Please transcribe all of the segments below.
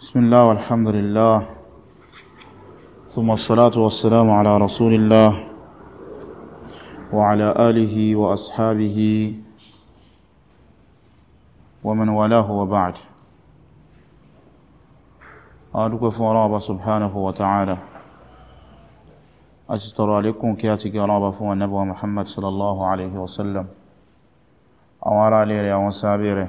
بسم الله والحمد لله ثم الصلاة والسلام على رسول الله وعلى آله وأصحابه ومن والاه وبعد أدوك فرابة سبحانه وتعالى أستر عليكم كياتك رابة فوى محمد صلى الله عليه وسلم أورا ليري وسابيره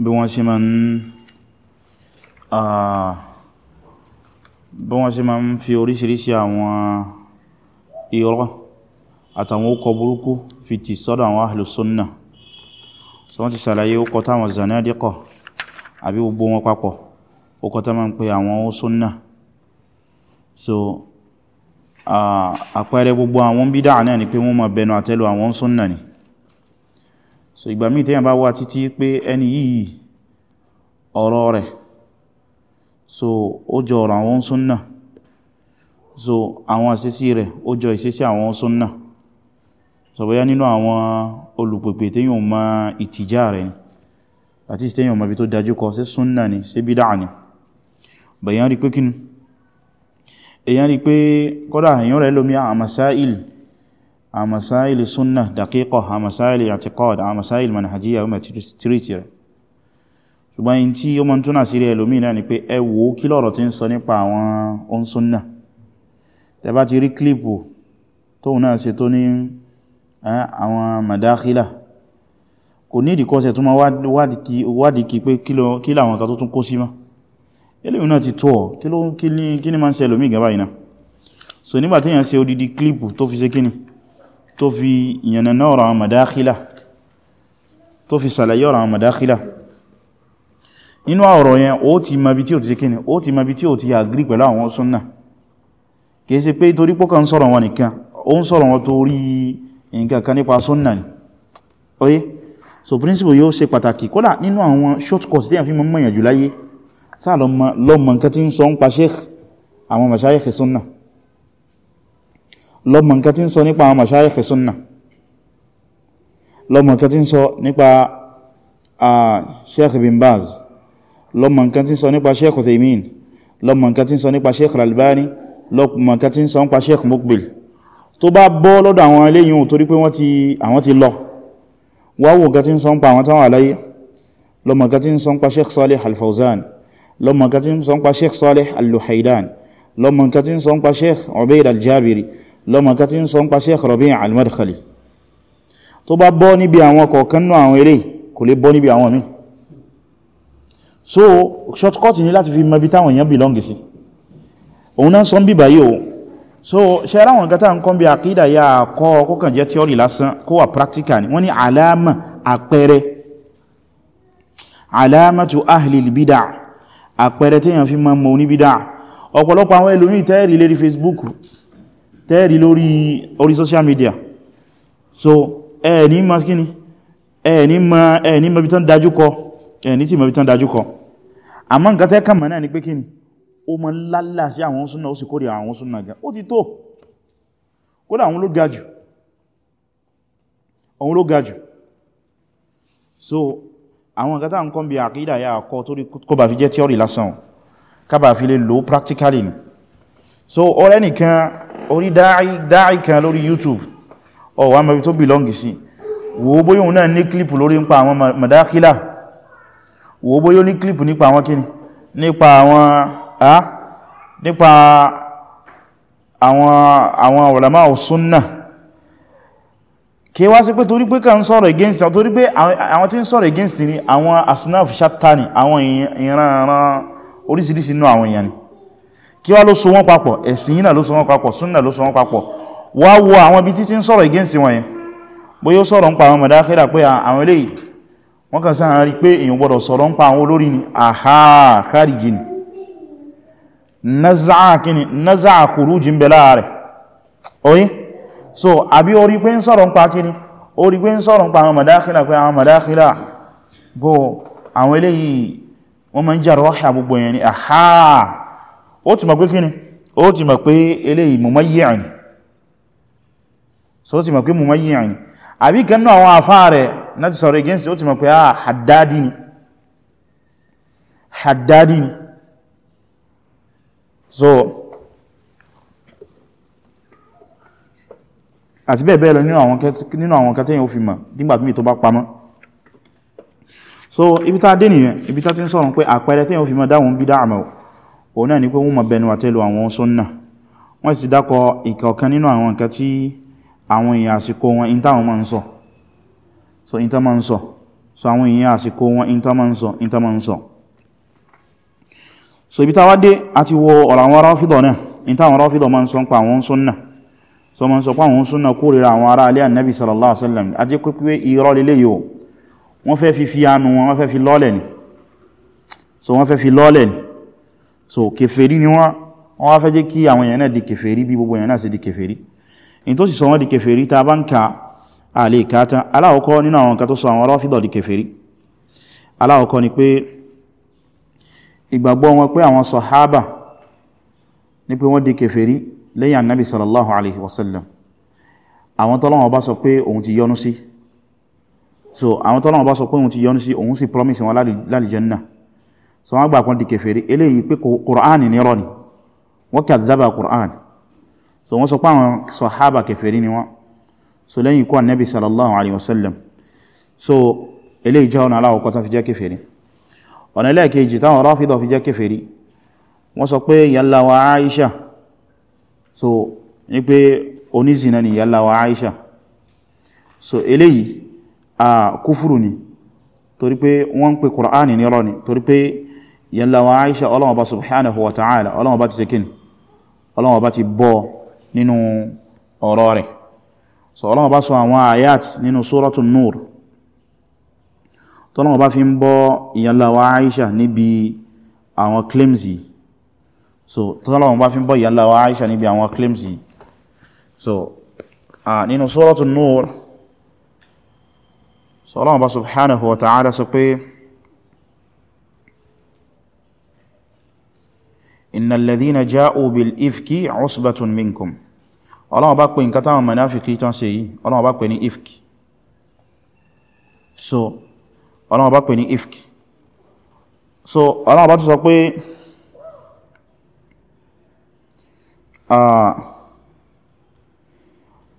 bí wọ́n ṣe ma ń bí wọ́n ṣe ma ń fi oríṣìíríṣìí àwọn irọ́ àtàwọn ókọ burúkú fi ti sọ́dọ̀ àwọn ahlu sunnah so wọ́n ti sàlàyé ókọ táwọn zanadiqa àbí gbogbo wọn papọ̀ ókọ tá ma ń pè àwọn ó sunnah so àpẹẹrẹ gbogbo àwọn bídá náà ni pé wọ́n ma bẹnu àtẹ́lù àwọn sunnah ni so ìgbà míì tẹ́yàn bá wá títí pé ẹni yìí ọ̀rọ̀ rẹ̀ so ó jọ ọ̀rọ̀ àwọn súnnà so àwọn àṣẹ́sí rẹ̀ ó jọ ìṣẹ́sí àwọn súnnà so bóyá nínú àwọn olùpèpè tẹ́yàn ma ìtìjá rẹ̀ ni àti tẹ́yàn ma bí tó dájú kọ sí súnnà ni sí bídà ni bẹ̀yàn rí pé kínú èyàn rí pé kọ́dà èyàn rẹ̀ lómi àmàsáìlì àwọn masáìlì súnnà dàkíkọ̀ àwọn masáìlì àtiqad àwọn masáìlì manhajiyya ọmọ tírítì rẹ̀ ṣùgbọ́n yìí tí ó mọ́ túnà sí rí ẹlòmí náà ni pé ẹ wò kí lọ̀rọ̀ tí ń sọ nípa àwọn oúnsúnnà tẹbá ti rí klípù tóun náà ṣe tó ní àwọn madáhílà kò ní ìdíkọ́sẹ̀ tó máa wádìí kí pé kí láwọn kan tó tún kó sí mọ́ ẹlòmí náà ti tó ọ̀ kí ni máa ń ṣe ẹlòmí ìgbà báyìí so nígbà téèyàn odidi klípù tó fi ṣe kíni tó fi ìyànnà ọ̀rọ̀ àwọn madákhílá tó fi sàlàyé ọ̀rọ̀ àwọn madákhílá nínú ọ̀rọ̀ yẹn ó ti ma bí tí ó ti kíni ó ti ma bí tí ó ti agrí pẹ̀lú àwọn súnnà kìí ṣe pé torí pọ́kà ń sọ̀rọ̀ wọn nìkan ó ń sọ̀rọ̀ wọn torí nǹkan kan nípa so principle yóò ṣe pàtàkì kódà nínú àwọn shortcuts tí a fi mọ́ mọ̀yànjú láyé sáà lọ́mọ nǹkan tí ń sọ súnnà lọ́mọ nǹkan tí ń sọ nípa àwọn mashayikh súnnà lọ́mọ nǹkan tí ń sọ nípa sheikh bin baz lọ́mọ nǹkan tí ń sọ nípa sheikh uthaymin lọ́mọ nǹkan tí ń sọ nípa sheikh albani lọ́mọ nǹkan tí ń sọ nípa sheikh mukbil tó bá bọ́ lọ́dọ̀ àwọn eléyìn ò torí pé wọ́n ti àwọn ti lọ wáwò nǹkan tí ń sọ nípa àwọn táwọn lọ́mọ nǹkan tí ń sọ nípa sheikh salih al lọ́mọ̀ká tí ń sọ ń pa Sheikh Rabi' al-Madkhali tó bá bọ́ níbi àwọn kọ̀ọ̀kan àwọn eré kò lè bọ́ níbi àwọn míì so shortcut ni láti fi mọbi táwọn èèyàn belong sí òun náà sọ ń bíbà yìí o so ṣe ara wọn kátà ń kọ́ bí àkídà ya kọ́ kókàn jẹ́ theory lásán kó wà practical ni wọ́n ní alama àpẹẹrẹ alamatu ahlil bida àpẹẹrẹ téèyàn fi máa mọ oníbídà ọ̀pọ̀lọpọ̀ àwọn ẹlòmíì tẹ́ẹ̀rì lérí Facebook tẹ́ẹ̀rí lórí orí social media so ẹ̀ẹ̀ní ma skini ẹ̀ẹ̀ní ma ẹ̀ẹ̀ní ma bí tán dájúkọ ẹ̀ẹ̀ní sì ma bí tán dájúkọ àmọ́ nǹkan tẹ́ kàmà náà ni pé kíni ó ma lálà sí àwọn súnà ó sì kórè àwọn súnà gan ó ti tó kódà àwọn àwọn ló ga so àwọn nǹkan tá ń kọ́ bí àkídà yà kọ́ torí kó bá fi jẹ́ theory lásán ká fi lè lò practically ni so ọ̀rẹ́ nìkan orí dáì kan lórí youtube ọ wà mẹ́bí tó belong sí wo bóyí òun náà ní clip lórí nípa àwọn madakila wo bóyí ó ní clip nípa àwọn kíni nípa àwọn a nípa àwọn àwọn ulama usunna kí wá sí pé torí pé kàn sọ̀rọ̀ against torí pé àwọn tí ń sọ̀rọ̀ against ni àwọn asnaf shattani àwọn ìran orísìírísìí náà àwọn èèyàn ni kí wá ló so wọ́n papọ̀ ẹ̀sìn náà ló so wọ́n papọ̀ súnnà ló so wọ́n papọ̀ wá wo àwọn ibi títí ń sọ̀rọ̀ against wọn yẹn bóyá ó sọ̀rọ̀ ń pa àwọn mọ̀dáfẹ́dà pé àwọn eléyìí wọ́n kàn sáà rí pé èyàn gbọ́dọ̀ sọ̀rọ̀ ń pa àwọn olórí ni àhá kárìjì ni naza'a kini naza'a khuruji ń bẹ láàrẹ̀ oye so àbí orí pé ń sọ̀rọ̀ ń pa kini orí pé ń sọ̀rọ̀ ń pa àwọn mọ̀dáfẹ́dà pé àwọn mọ̀dáfẹ́dà bó àwọn eléyìí wọ́n máa ń jà rọ́ṣà gbogbo yẹn ni àhá ó ti mọ̀ pé kíni ó ti mọ̀ pé eléyìí mumayyi'an so ó ti mọ̀ pé mumayyi'an àbí kanú àwọn àfáà rẹ̀ náà sọ̀rọ̀ against ó ti mọ̀ pé ah haddadi ni haddadi ni so àti bẹ́ẹ̀ bẹ́ẹ̀ lọ nínú àwọn kẹtẹ́yìn ó fi mọ̀ nígbàtí mi tó bá pamọ́ so ibi tá dé nìyẹn ibi tá ti ń sọ̀rọ̀ pé àpẹẹrẹ tẹ́yìn ó fi mọ̀ dáhùn bí dáàmà òun náà ni pé wọ́n mọ̀ bẹnu àtẹ́lù àwọn sọ́nà wọ́n sì dákọ̀ ìkọ̀ọ̀kan nínú àwọn nǹkan tí àwọn èèyàn àsìkò wọn in ń sọ so in tá ń sọ so àwọn èèyàn àsìkò wọn in tá ń sọ in ń sọ so ibi táwa dé àti wo ọ̀rọ̀ àwọn Rāfidah náà in táwọn ń sọ pa àwọn sọ́nà so máa ń sọ pa àwọn sọ́nà kórìíra àwọn ará alẹ́ sallallahu alaihi wasallam àti pípé irọ́ lélẹ́ yìí wọ́n fẹ́ fi so wọ́n fẹ́ so kèfèrí ni wọ́n wọ́n wá fẹ́ jẹ́ kí àwọn èèyàn náà di kèfèrí bí gbogbo èèyàn náà sì di kèfèrí in tó sì sọ wọ́n di kèfèrí ta bá ń ka àlè ìkáta aláwọ̀kọ́ nínú àwọn nǹkan tó sọ àwọn Rāfidah di kèfèrí aláwọ̀kọ́ ni pé ìgbàgbọ́ wọn pé àwọn sàhábà ní pé wọ́n di kèfèrí lẹ́yìn annabi sallallahu alaihi wasallam àwọn tọ́lọ́wọ́ bá sọ pé òun ti yọ́nú sí so àwọn tọ́lọ́wọ́ bá sọ pé òun ti yọ́nú sí òun sì promise wọn lálìjẹ́nnà so wọ́n gbà kún di kèfèrí eléyìí pé Kùránì ní rọ́ ni wọ́n kàzábà Kùránì so wọ́n sọ pé àwọn sọ̀hábà kèfèrí ni wọ́n so lẹ́yìn kú annabi sallallahu alaihi wasallam so eléyìí jẹ́ ọ̀nà aláwọ̀kọ́ tán fi jẹ́ kèfèrí ọ̀nà ẹlẹ́ẹ̀kejì táwọn Rāfidah fi jẹ́ kèfèrí wọ́n sọ pé yalla wa torí pé wọ́n ń pe Kùránì ní rọ́ ni torí pé yẹn láwọn Aisha ọlọ́wọ́ bá subhanahu wa ta'ala ọlọ́wọ́ bá ti ṣe kíni ọlọ́wọ́ bá ti bọ́ nínú ọ̀rọ̀ rẹ̀ so ọlọ́wọ́ bá sọ àwọn ayat nínú suratul nur tọ́lọ́wọ́ bá fi ń bọ́ ìyẹn láwọn níbi àwọn claimsì so tọ́lọ́wọ́ bá fi ń bọ́ ìyẹn láwọn níbi àwọn claimsì so nínú suratul nur so ọlọ́wọ́ bá subhanahu wa ta'ala sọ pé so, inna alladhina ja'u bil ifki usbatun minkum Ọlọ́run bá pè nǹkan táwọn mùnáfìkí tán ṣe yìí Ọlọ́run bá pè ní ifki so Ọlọ́run bá pè ní ifki so Ọlọ́run bá tó sọ pé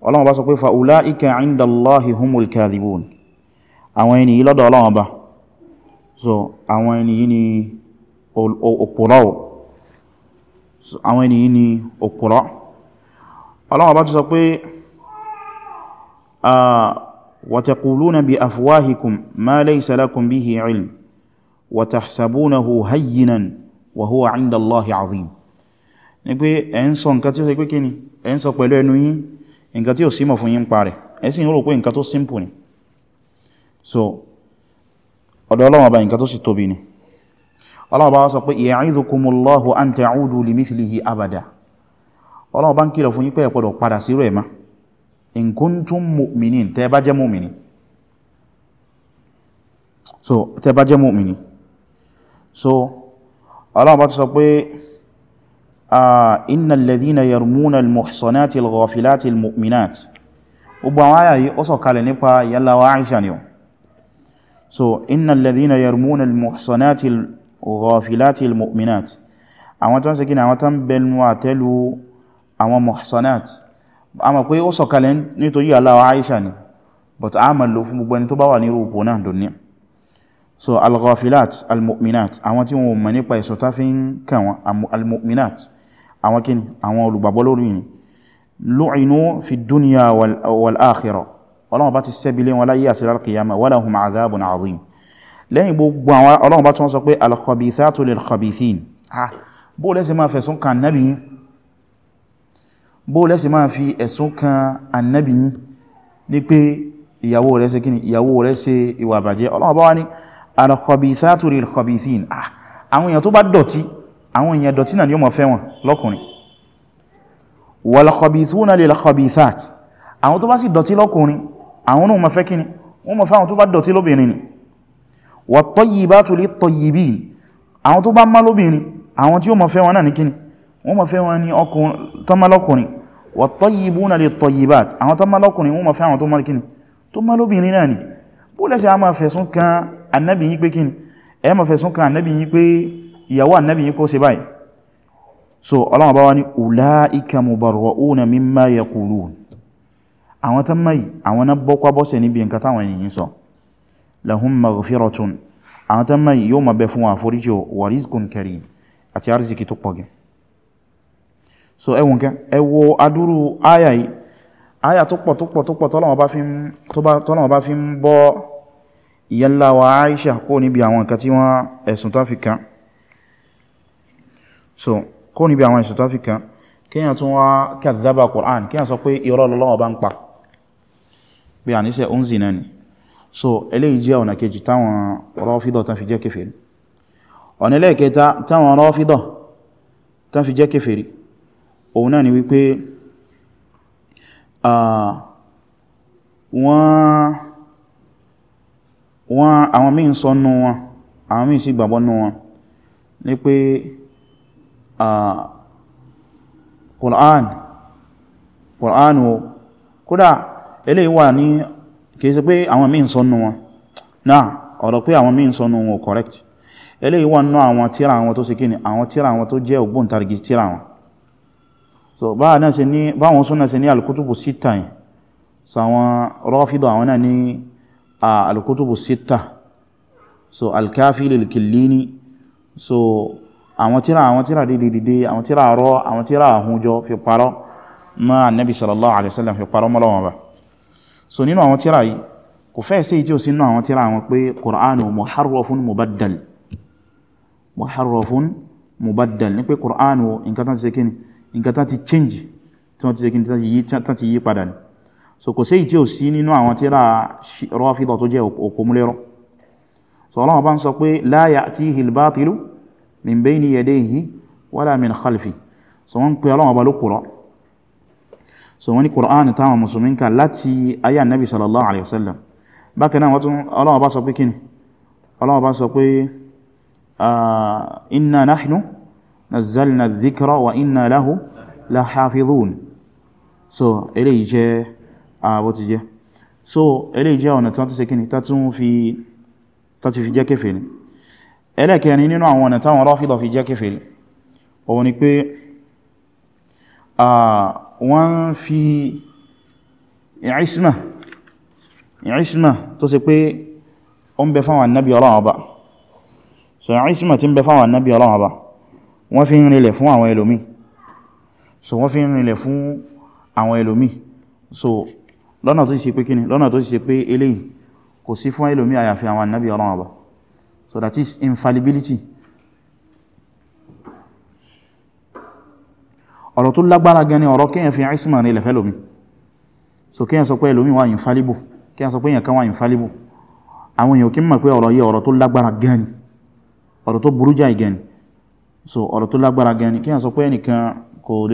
Ọlọ́run bá sọ pé fa ulaika inda Allahi humul kadhibun àwọn ènìyàn lọ́dọ̀ Ọlọ́run bá so àwọn ènìyàn ni òpòlọ́wọ̀ àwọn ènìyàn ni òpùrọ́ ọlọ́wọ́ bá ti sọ pé wa taquluna bi afwahikum ma laysa lakum bihi ilm wa tahsabunahu hayyinan wa huwa 'inda Allahi 'azim ni pé ẹ ń sọ nǹkan tí ó ṣe pé kí ni ẹ sọ pẹ̀lú ẹnu yín nǹkan tí ó símọ̀ fún yín pa rẹ̀ ẹ rò pé nǹkan tó simple ni so ọ̀dọ̀ Ọlọ́run bá nǹkan tó sì tóbi ni ọlọ́ọ̀bá wá sọ pé ya'izukumullahu an ta'udu limithlihi abada ọlọ́ọ̀bá ń kìlọ̀ fún yín pé ẹ gbọ́dọ̀ padà sí rẹ̀ má in kuntum mu'minin tẹ́ so tẹ́ bá jẹ́ mu'mini so ọlọ́ọ̀bá sọ pé innal ladhina yarmuna al so innal ladhina yarmuna al-muhsanati ghafilatil المؤمنات. àwọn tó ń sekí ni àwọn tó ń bẹnu àtẹ́lu àwọn muhsanat a mọ̀ pé ó sọ̀kalẹ̀ nítorí aláwọ̀ aisha ni but a mọ̀ lò fún gbogbo ẹni tó bá wà ní rúpò náà dùnní so al-ghafilat al-mu'minat àwọn tí wọn mọ̀ nípa ìsọ̀ tá fi ń kàn wọn al-mu'minat àwọn kíni àwọn olùgbàgbọ́ lórí ni lu'inu fi dunya wal-akhirah lẹ́yìn gbogbo àwọn ọlọ́run bá tún sọ pé al-khabithatu lil-khabithin bó lẹ́sì máa fẹ̀sùn kan annabi yín bó lẹ́sì máa fi ẹ̀sùn kan annabi yín ní pé ìyàwó rẹ̀ ṣe kíni ìyàwó rẹ̀ ṣe ìwà bàjẹ́ ọlọ́run bá wá ní al-khabithatu lil-khabithin àwọn wat-tayyibatu lit-tayyibin àwọn tó bá má lóbìnrin àwọn tí ó máa fẹ́ wọn náà ní kíni wọ́n máa fẹ́ wọn ní tọ́mọlọ́kùnrin wat-tayyibuna lit-tayyibat àwọn tọ́mọlọ́kùnrin wọ́n máa fẹ́ àwọn tó má kíni tó má lóbìnrin náà ni bó lẹ́ṣẹ́ a máa fẹ̀sùn kan annabi yí pé kíni ẹ máa fẹ̀sùn kan annabi yí pé ìyàwó annabi lahum maghfiratun àwọn tán máa yóò máa bẹ fún wọn àforíjì wa rizqun karim àti arziki tó pọ̀ gẹn so ẹwùn kẹ ẹwọ adúrú àyà yìí àyà tó pọ̀ tó pọ̀ tó pọ̀ tọ́lọ̀wọ̀ bá fi ń bọ́ ìyẹ́lá wa Aisha kó níbi àwọn nǹkan tí wọ́n ẹ̀sùn tó fi kàn so kó níbi àwọn ẹ̀sùn tó fi kàn kíyàn tún wá kàdhábà Qur'an kíyàn sọ pé irọ́ bá ń pa pé àníṣẹ́ oúnjẹ náà ni so eléyìí jẹ́ ọ̀nà kejì táwọn rọ́fídọ̀ tán fi jẹ́ kèfèrí ọ̀nà ẹlẹ́ẹ̀kẹta táwọn rọ́fídọ̀ tán fi jẹ́ kèfèrí òun náà ni wípé wọ́n àwọn míì sọ nú wọn àwọn míì sì gbàgbọ́ nú wọn ní pé Qur'an Qur'an o kódà eléyìí wà ní kìí ṣe pé àwọn míì ń sọ nù wọn náà ọ̀rọ̀ pé àwọn míì ń sọ nù wọn correct eléyìí wọ́n ná àwọn tíra àwọn tó ṣe kí ni àwọn tíra àwọn tó jẹ́ ògbóǹtarìgì tíra wọn so báwọn náà ṣe ní báwọn súnà ṣe ní alukutubu sita yìí so àwọn rọ́fídọ̀ àwọn náà ní alukutubu sita so alkafi ma annabi sallallahu alaihi wasallam fi parọ́ mọ́lọ́wọ́n ba so nínú àwọn tírà yìí kò fẹ́ sí tí ó sínú àwọn tírà wọn pé Qur'anu muharrafun mubaddal muharrafun mubaddal ní pé Qur'anu nǹkan tán ti ṣe kíni nǹkan tán ti change tí wọ́n ti ṣe kíni tán ti yí padà ni so kò sí tí ó sí nínú àwọn tírà Rāfidah tó jẹ́ òkúmúlérọ́ so Allah bá ń sọ pé lā ya'tīhi al-bāṭilu min bayni yadayhi wala min khalfi so wọ́n ń pè Allah bá ló kùrọ̀ so wọ́n ní Qur'an táwọn musulmi ka láti ayé annabi sallallahu alaihi wasallam bákan náà wọ́n Ọlọ́hun bá sọ pé kíni Ọlọ́hun bá sọ pé inna nahnu nazzalna dhikra wa inna lahu la hafidhun so eléyìí jẹ́ ààbò ti jẹ́ so eléyìí jẹ́ ọ̀nà tán ti ṣe kíni wọ́n fi ìrísímà ìrísímà tó ṣe pé ó ń bẹ fáwọn annabi Ọlọ́run Ọba so ìrísímà tí ń bẹ fáwọn annabi Ọlọ́run Ọba wọ́n fi ń rinlẹ̀ fún àwọn ẹlòmí so wọ́n fi ń rinlẹ̀ fún àwọn ẹlòmí so lọ́nà tó ṣe pé kíni lọ́nà tó ṣe pé eléyìí kò sí fún ẹlòmí àyàfi àwọn annabi Ọlọ́run Ọba so that is infallibility ọ̀rọ̀ tó lágbára gan ni ọ̀rọ̀ kíyàn fi isma ní ilẹ̀fẹ́ lómi so kíyàn sọ pé lómi wà infallible kíyàn sọ pé yàn kan wà infallible àwọn èèyàn kí mọ̀ pé ọ̀rọ̀ yìí ọ̀rọ̀ tó lágbára gan ni ọ̀rọ̀ tó burú jáì gan ni so ọ̀rọ̀ tó lágbára gan ni kíyàn sọ pé ẹnìkan kò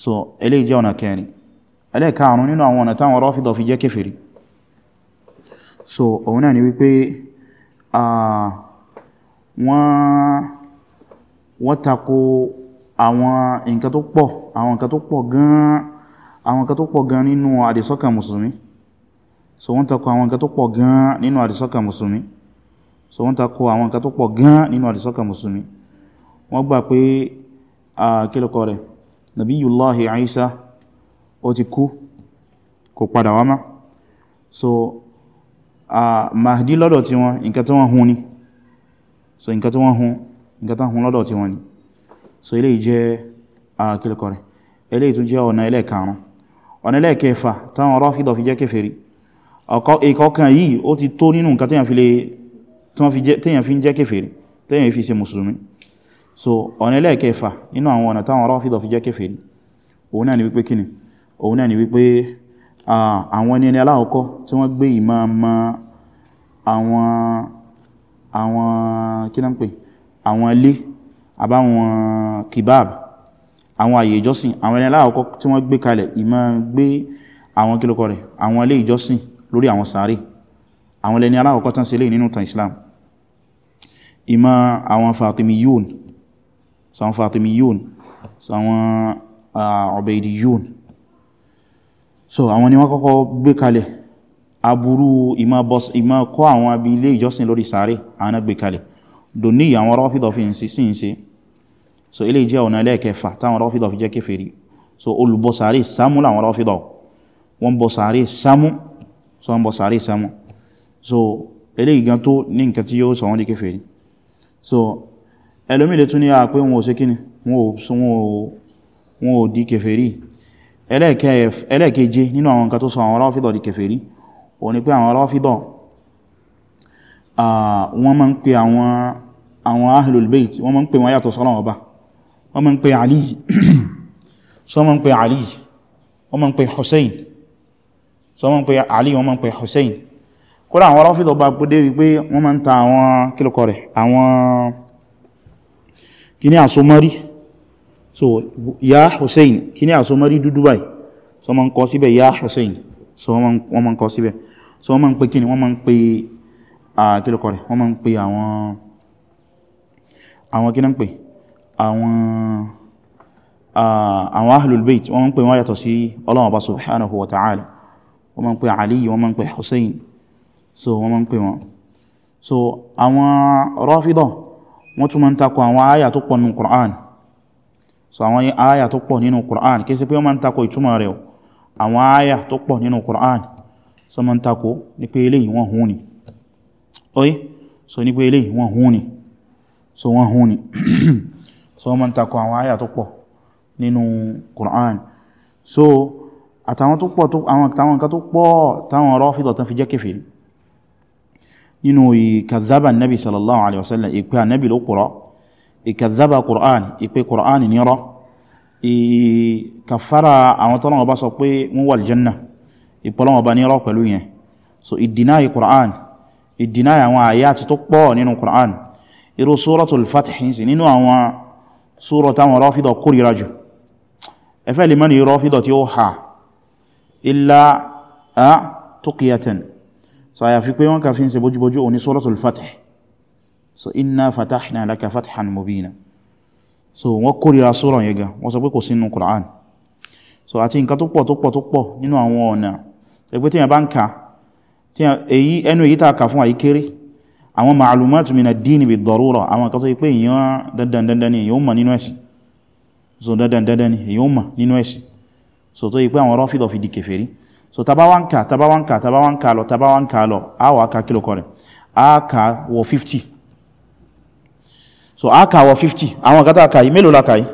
so eléyìí jẹ́ ọ̀nà kẹrin ẹlẹ́ẹ̀kaàrún nínú àwọn ọ̀nà táwọn Rāfidah fi jẹ́ kèfèrí so òun náà ni wípé wọ́n tako àwọn nǹkan tó pọ̀ àwọn nǹkan tó pọ̀ gan àwọn nǹkan tó pọ̀ gan nínú àdìsọ́kàn mùsùlùmí so wọ́n tako àwọn nǹkan tó pọ̀ gan nínú àdìsọ́kàn mùsùlùmí so wọ́n tako àwọn nǹkan tó pọ̀ gan nínú àdìsọ́kàn mùsùlùmí wọ́n gbà pé kílùkọ rẹ̀ nabiyullahi Isa ó ti kú kò padà wá má so a Mahdi lọ́dọ̀ tí wọ́n nǹkan tí wọ́n hun ni so nǹkan tí wọ́n hun nǹkan tí wọ́n hun lọ́dọ̀ tí wọ́n ni so eléyìí jẹ́ àkílẹ̀kọ́ rẹ̀ eléyìí tún jẹ́ ọ̀nà ẹlẹ́ẹ̀karùn ọ̀nà ẹlẹ́ẹ̀kẹfà táwọn Rāfidah fi jẹ́ kèfèrí ìkọ̀kan yìí ó ti tó nínú nǹkan téèyàn fi ń jẹ́ kèfèrí téèyàn fi ṣe mùsùlùmí so ọ̀nà ẹlẹ́ẹ̀kẹfà nínú àwọn ọ̀nà táwọn Rāfidah fi jẹ́ kèfèrí òun náà ni wípé kíni òun náà ni wípé àwọn ẹni alákọ̀ọ́kọ́ tí wọ́n gbé ìmọ̀ ma àwọn àwọn kí náà ń pè àwọn ilé àbáwọn kìbáàbù àwọn àyè ìjọsìn àwọn ẹni alákọ̀ọ́kọ́ tí wọ́n gbé kalẹ̀ ìmọ̀ gbé àwọn kílùkọ rẹ̀ àwọn ilé ìjọsìn lórí àwọn sàárè àwọn ẹni alákọ̀ọ́kọ́ tán ṣe lè nínú tan Islam ìmọ̀ àwọn Fatimiyun sàwọn fatimiyun sàwọn ubaydiyun so àwọn ni wọ́n kọ́kọ́ gbé kalẹ̀ aburú ìmá kọ́ àwọn abi ilé ìjọsìn lórí sàárè àwọn gbé kalẹ̀ dò ní àwọn rọ́fídọ̀ fi sí ń se so ilé jẹ́ ọ̀nà ẹlẹ́ẹ̀kẹfà táwọn rọ́fídọ̀ fi jẹ́ kéfèrí so olùbọ sàárè sámú láwọn rọ́fídọ̀ wọ́n bọ sàárè sámú so wọ́n bọ sàárè sámú so ilé ìgán tó ní nǹkan tí yóò sọ wọ́n di so ẹlòmí lè tún ní a pé wọn ò ṣe kíni wọn ò di kèfèrí ẹlẹ́ẹ̀keje nínú àwọn nǹkan tó sọ àwọn Rāfidah di kèfèrí o ni pé àwọn Rāfidah wọ́n máa ń pè àwọn Ahlul Bayt wọ́n máa ń pè wọ́n yàtọ̀ sọ́lọ́wọ́ bá wọ́n máa ń pè Ali so máa ń pè Ali wọ́n máa ń pè Hussein so máa ń pè kíní àsomọ́rí so ya Hussein kíní àsomọ́rí dúdú báyìí so wọ́n ma ń kọ síbẹ̀ ya Hussein so wọ́n ma ń kọ síbẹ̀ so wọ́n ma ń pe kíní wọ́n ma ń pe àkílùkọ rẹ̀ wọ́n ma ń pe àwọn àwọn kíní ń pe àwọn àwọn ahlul bayt wọ́n ma ń pe wọ́n yàtọ̀ sí Ọlọ́hun so wọ́n ma so àwọn Rafida wọ́n tún ma ń takò àwọn àyà tó pọ̀ nínú Qur'an so àwọn àyà tó pọ̀ nínú Qur'an kìí ṣe pé wọ́n ma ń takò ìtumọ̀ rẹ̀ àwọn àyà tó pọ̀ nínú Qur'an so ma ń takò ní pé eléyìí wọ́n hún ni oye so ní pé eléyìí wọ́n hún ni so wọ́n hún ni so wọ́n ma ń takò àwọn àyà tó pọ̀ nínú Qur'an so àtàwọn tó pọ̀ àwọn nǹkan tó pọ̀ táwọn Rāfidah tán fi jẹ́ kèfèrí nínú ìkàzába nabi sallallahu alaihi wasallam ìpé anabi ló kúrọ ìkàzába qur'an ìpé qur'an nírọ́ ìkàfàrà àwọn tọ́lọ́wọ́ bá sọ pé wọ́n wà janna ìpọ́lọ́wọ́ bá nírọ́ pẹ̀lú yẹn so ìdínáyì qur'an ìdínáyì àwọn àyàtì tó pọ̀ nínú qur'an irú suratul fath sí nínú àwọn súrọ̀tà àwọn rọ́fídọ̀ kórìíra jù ẹfẹ́ lè mẹ́rin rọ́fídọ̀ so àyàfi pé wọ́n kàfin ṣe bójúbójú òní suratul fath so inna fatahna laka fathan mubina so wọ́n kórìíra sura yẹn gan wọ́n sọ pé kò sínú Qur'an so àti nǹkan tó pọ̀ tó pọ̀ tó pọ̀ nínú àwọn ọ̀nà ẹgbẹ́ tí yẹn bá ń ka ẹnu èyí tàà kà fún àyí kéré àwọn ma'lumat min ad-din bid-darura àwọn kan tó pé èyàn dandan dandan so dandan dandan ni èyàn mọ̀ nínú so taba tabawanka tabawanka tabawanka lọ tabawanka lọ a wà ká kílò kọrẹ̀ a kà wọ 50 so a kà wọ 50 àwọn kátà kàí mélòó la kàí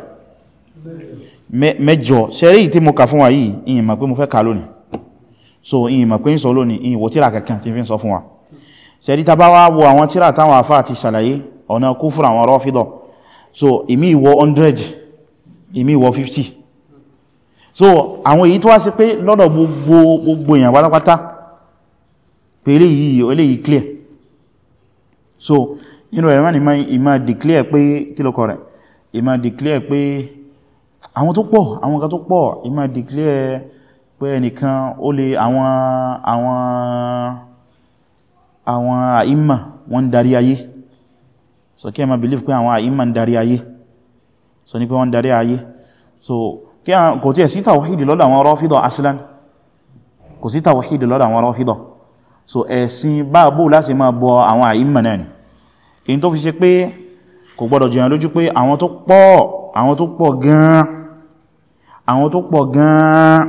mẹ́jọ ṣẹ́rí tí mo kà fún wa yìí ìyìn ma pé mo fẹ́ kà lónìí so ìyìn ma pé ń sọ lónìí ìyìn wò tíra kankan tí fi ń sọ fún wa ṣẹ́rí tàbá wá wo àwọn tíra táwọn afá àti ṣàlàyé ọ̀nà kúfùrù àwọn rọ́fídọ̀ so imi ìwọ 100 Imi ìwọ 50 so àwọn èyí tó wá sí pé lọ́dọ̀ gbogbo gbogbo èèyàn pátápátá pé eléyìí eléyìí clear so nínú ẹ̀rọ ní ìmá declare pé tílọ́kọ̀ rẹ̀ ìmá declare pé àwọn tó pọ̀ àwọn kan tó pọ̀ ìmá declare pé ẹnìkan ó lè àwọn àwọn àwọn àìmà wọ́n ń darí ayé so kí ẹ ma believe pé àwọn àìmà ń darí ayé so ní pé wọ́n ń darí ayé so kò tí ẹ̀ sí tàwàhídì lọ́dọ̀ àwọn rọ́fídọ̀ aslan kò sí tàwàhídì lọ́dọ̀ àwọn rọ́fídọ̀ so ẹ̀sìn bá bó láti máa bọ àwọn àìmọ̀ náà ni èyí tó fi ṣe pé kò gbọdọ̀ jìyàn lójú pé àwọn tó pọ̀ àwọn tó pọ̀ gan àwọn tó pọ̀ gan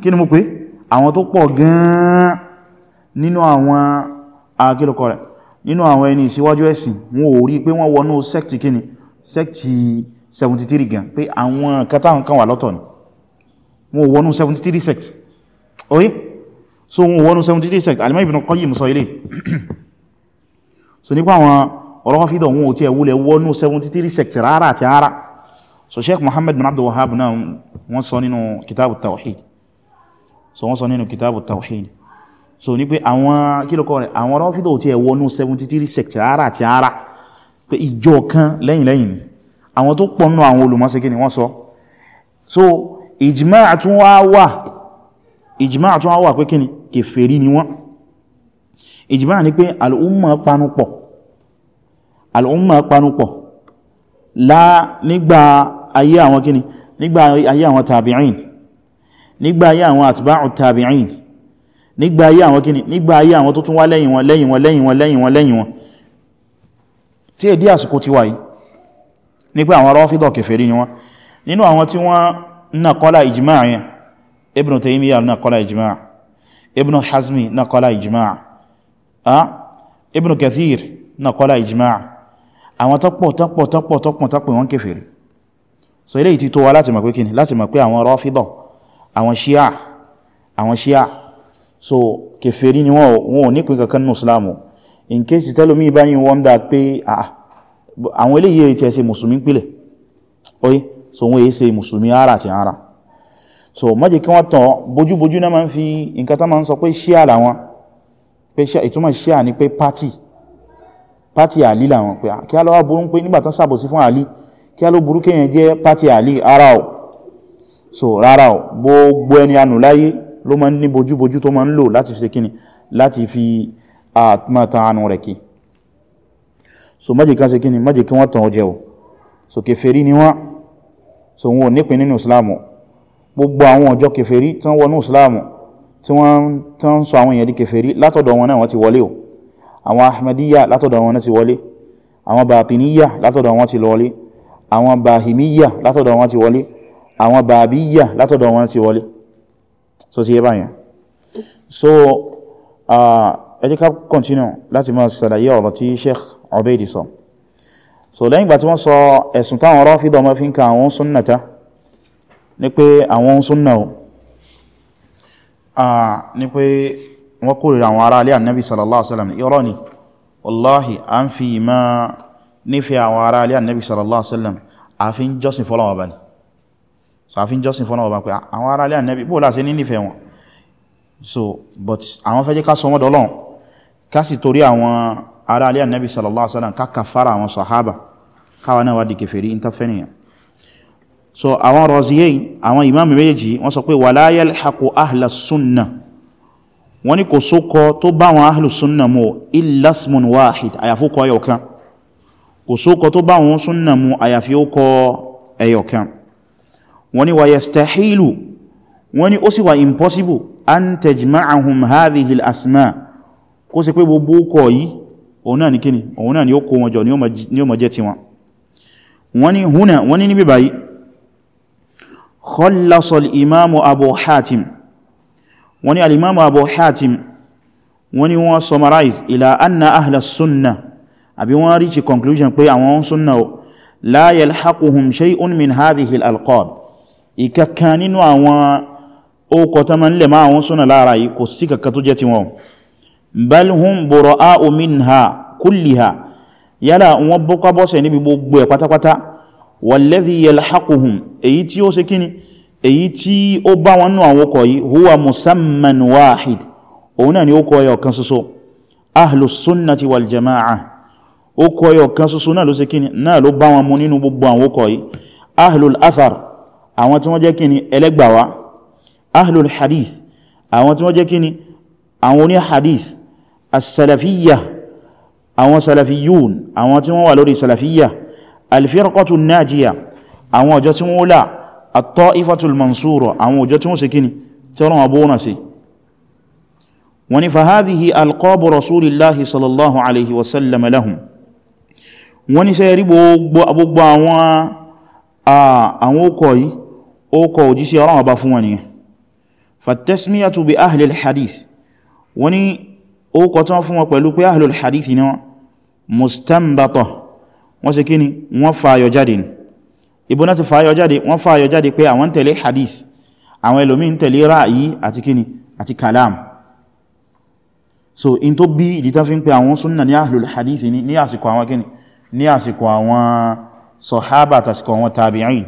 kí ni mo pé àwọn tó pọ̀ gan nínú àwọn akílùkọ rẹ̀ nínú àwọn ẹni ìṣíwájú ẹ̀sìn wọn ò rí pé wọ́n wọnú sẹ́kì kíni sẹ́kì 73 gan pé àwọn kátàwọn kan wà lọ́tọ̀ ni wọ́n wọnú 73 sect oye so wọ́n wọnú 73 sect alimọ́ Ibn Qayyim sọ ilé so nípa àwọn ọ̀rọ̀ fídọ̀ wọn ò tí ẹ̀ wúlẹ̀ wọnú 73 sect rárá àti rárá so Sheikh Muhammad bin Abdul Wahhab náà wọ́n sọ nínú kitabu tawhid so wọ́n sọ nínú kitabu tawhid so ní pé àwọn kílọ̀kọ́ rẹ̀ àwọn ọ̀rọ̀ fídọ̀ ò tí ẹ̀ wọnú 73 sect rárá àti rárá pé ìjọ kan lẹ́yìn lẹ́yìn ni àwọn tó pọ̀ nínú àwọn olùmọ́sí kí ni wọ́n sọ so ìjìmá tún wá wà ìjìmá tún wá wà pé kí ni kèfèrí ni wọ́n ìjìmá ni pé al'umma panupọ̀ al'umma panupọ̀ la nígbà ayé àwọn kí nígbà ayé àwọn tàbí'in nígbà ayé àwọn àtìbá'ù tàbí'in nígbà ayé àwọn kí nígbà ayé àwọn tó tún wá lẹ́yìn wọn lẹ́yìn wọn lẹ́yìn wọn lẹ́yìn wọn lẹ́yìn wọn tí èdí àsìkò ti wáyìí ní pé àwọn rọ́fídọ̀ kèfèrí ni wọ́n nínú àwọn tí wọ́n na kọ́lá ìjìmáà yẹn ibn Taymiyyah na kọ́lá ìjìmáà ibn Hazmi kọ́lá ìjìmáà ibn Kathir na kọ́lá ìjìmáà àwọn tọ́pọ̀ tọ́pọ̀ tọ́pọ̀ tọ́pọ̀ tọ́pọ̀ so lati lati shia. so ni àwọn eléyìí tí ẹ ṣe mùsùlùmí pìlẹ̀ oye so wọ́n yìí ṣe mùsùlùmí ara àti ara so mọ́jẹ̀ kí wọ́n tàn bójúbójú náà máa ń fi nǹkan tán máa ń sọ pé ṣíà làwọn pé ìtumọ̀ ṣíà ni pé pátì pátì àlì làwọn pé kí á lọ́wọ́ burú pé nígbàtán sàbòsí fún àlì kí á ló burú kéèyàn jẹ́ pátì àlì ara ọ̀ so rárá ọ̀ gbogbo ẹni anù láyé ló máa ń ní bójúbójú tó máa ń lò láti fi ṣe kíni láti fi àtúmọ̀tán anù rẹ̀ kìí so májì kan ṣe kí ni májì kí wọ́n tàn o so keferi ni wọ́n so wọn ò nípin nínú islamu gbogbo àwọn ọjọ́ kèfèrí tí wọ́n wọnú islamu tí wọ́n sọ àwọn èèyàn di kèfèrí látọ̀dọ̀ wọn náà wọ́n ti wọlé o àwọn ahmadiyya látọ̀dọ̀ wọn náà ti wọlé àwọn batiniyya látọ̀dọ̀ wọn ti lọlé àwọn bahimiyya látọ̀dọ̀ wọn ti wọlé àwọn babiyya látọ̀dọ̀ wọn ti wọlé so ti yé báyẹn so ah, ẹ jẹ́ ká continue láti máa ṣàlàyé ọ̀rọ̀ tí sheikh Ubaydi sọ so lẹ́yìn ìgbà tí wọ́n sọ ẹ̀sùn táwọn Rāfidah ma fi ń ka àwọn súnnàta ní pé àwọn súnnà o ní pé wọ́n kórìíra àwọn ará alẹ́ annabi sallallahu alaihi wasallam irọ́ ni wallahi an fi ma nífẹ̀ẹ́ àwọn ará alẹ́ annabi sallallahu so àfin jọ́sìn fọ́lọ́wọ́ bá pé àwọn ará alẹ́ annabi so but àwọn fẹ́ jẹ́ ká sọ wọ́n dọ́lọ́n ká sì ara alẹ́ annabi sallallahu alaihi wasallam káka fara àwọn sahaba káwa náà wá di kèfèrí intafeniya so àwọn rọ̀zíyẹ́ àwọn imáàmù méjèèjì wọ́n sọ pé wala yalhaqu ahla sunna wọ́n ní kò sókọ tó bá wọn ahlu sunna mú illa ismun wahid àyàfi kọ ẹyọkan kò sókọ tó bá wọn sunna mú àyàfi ó kọ ẹyọkan wọ́n ní wa yastahilu wọ́n ní ó sì wà impossible an tajma'ahum hadhihi al-asma kó ṣe pé gbogbo kọ̀ yìí òun náà ni kíni òun náà ni ó kó wọn jọ ní ó mọ̀ jẹ́ ti wọn wọ́n ni húnà wọ́n ni níbi báyìí khallasal imamu abu hatim wọ́n ni alimamu abu hatim wọ́n ni wọ́n summarize ila anna ahla sunna àbí wọ́n reach conclusion pé àwọn sunna o la yalhaquhum shay'un min hadhihi al-alqab ìkàkà nínú àwọn ó kọta ma ń lè máa àwọn sunna lára yìí kò sí kàkà tó jẹ́ ti wọn bal hum bura'u minha kulliha yala wọ́n bo ka bo se ni bi gbogbo ẹ̀ pátápátá walladhi yalhaquhum èyí tí ó ṣe kíni èyí tí ó bá wọn nu àwọn ko yi huwa musamman wahid ọ̀nà ni ó ko yo kan ṣoṣo ahlus sunnati wal jamaa'ah ó ko yo kan ṣoṣo náà ló ṣe kíni náà ló bá wọn mu nínú gbogbo àwọn ko yi ahlul athar àwọn tí wọ́n jẹ́ kíni ẹlẹ́gbàwá ahlul hadith àwọn tí wọ́n jẹ́ kíni àwọn oní hadith as-salafiyya àwọn salafiyun àwọn tí wọ́n wà lórí salafiyya al-firqatu an-najiya àwọn ọjọ́ tí wọ́n là at-ta'ifatu al-mansura àwọn ọjọ́ tí wọ́n ṣe kíni tí wọ́n abúrún sí wọ́n ni fa hadhihi alqabu rasulillahi sallallahu alaihi wasallam lahum wọ́n ni sẹ́rí gbogbo àwọn okọ̀ yìí okọ̀ òjísí ọ̀rọ̀ ọba fún wọn ni fattasmiyatu bi ahli al-hadith wọ́n ni ó kọ tán fún wọn pẹ̀lú pé ahlul hadithi ni wọ́n mustambatọ̀ wọ́n ṣe kíni wọ́n fàyọ jáde ni ibo náà ti fàyọ jáde wọ́n fàyọ jáde pé àwọn tẹ̀lé hadith àwọn ẹlòmí ń tẹ̀lé ra'ayi àti kíni àti kalam so in tó bí ìdí tán fi ń pè àwọn súnnà ní ahlul hadithi ní àsìkò àwọn kíni ní àsìkò àwọn sọ̀hábà tàsìkò àwọn tabi'in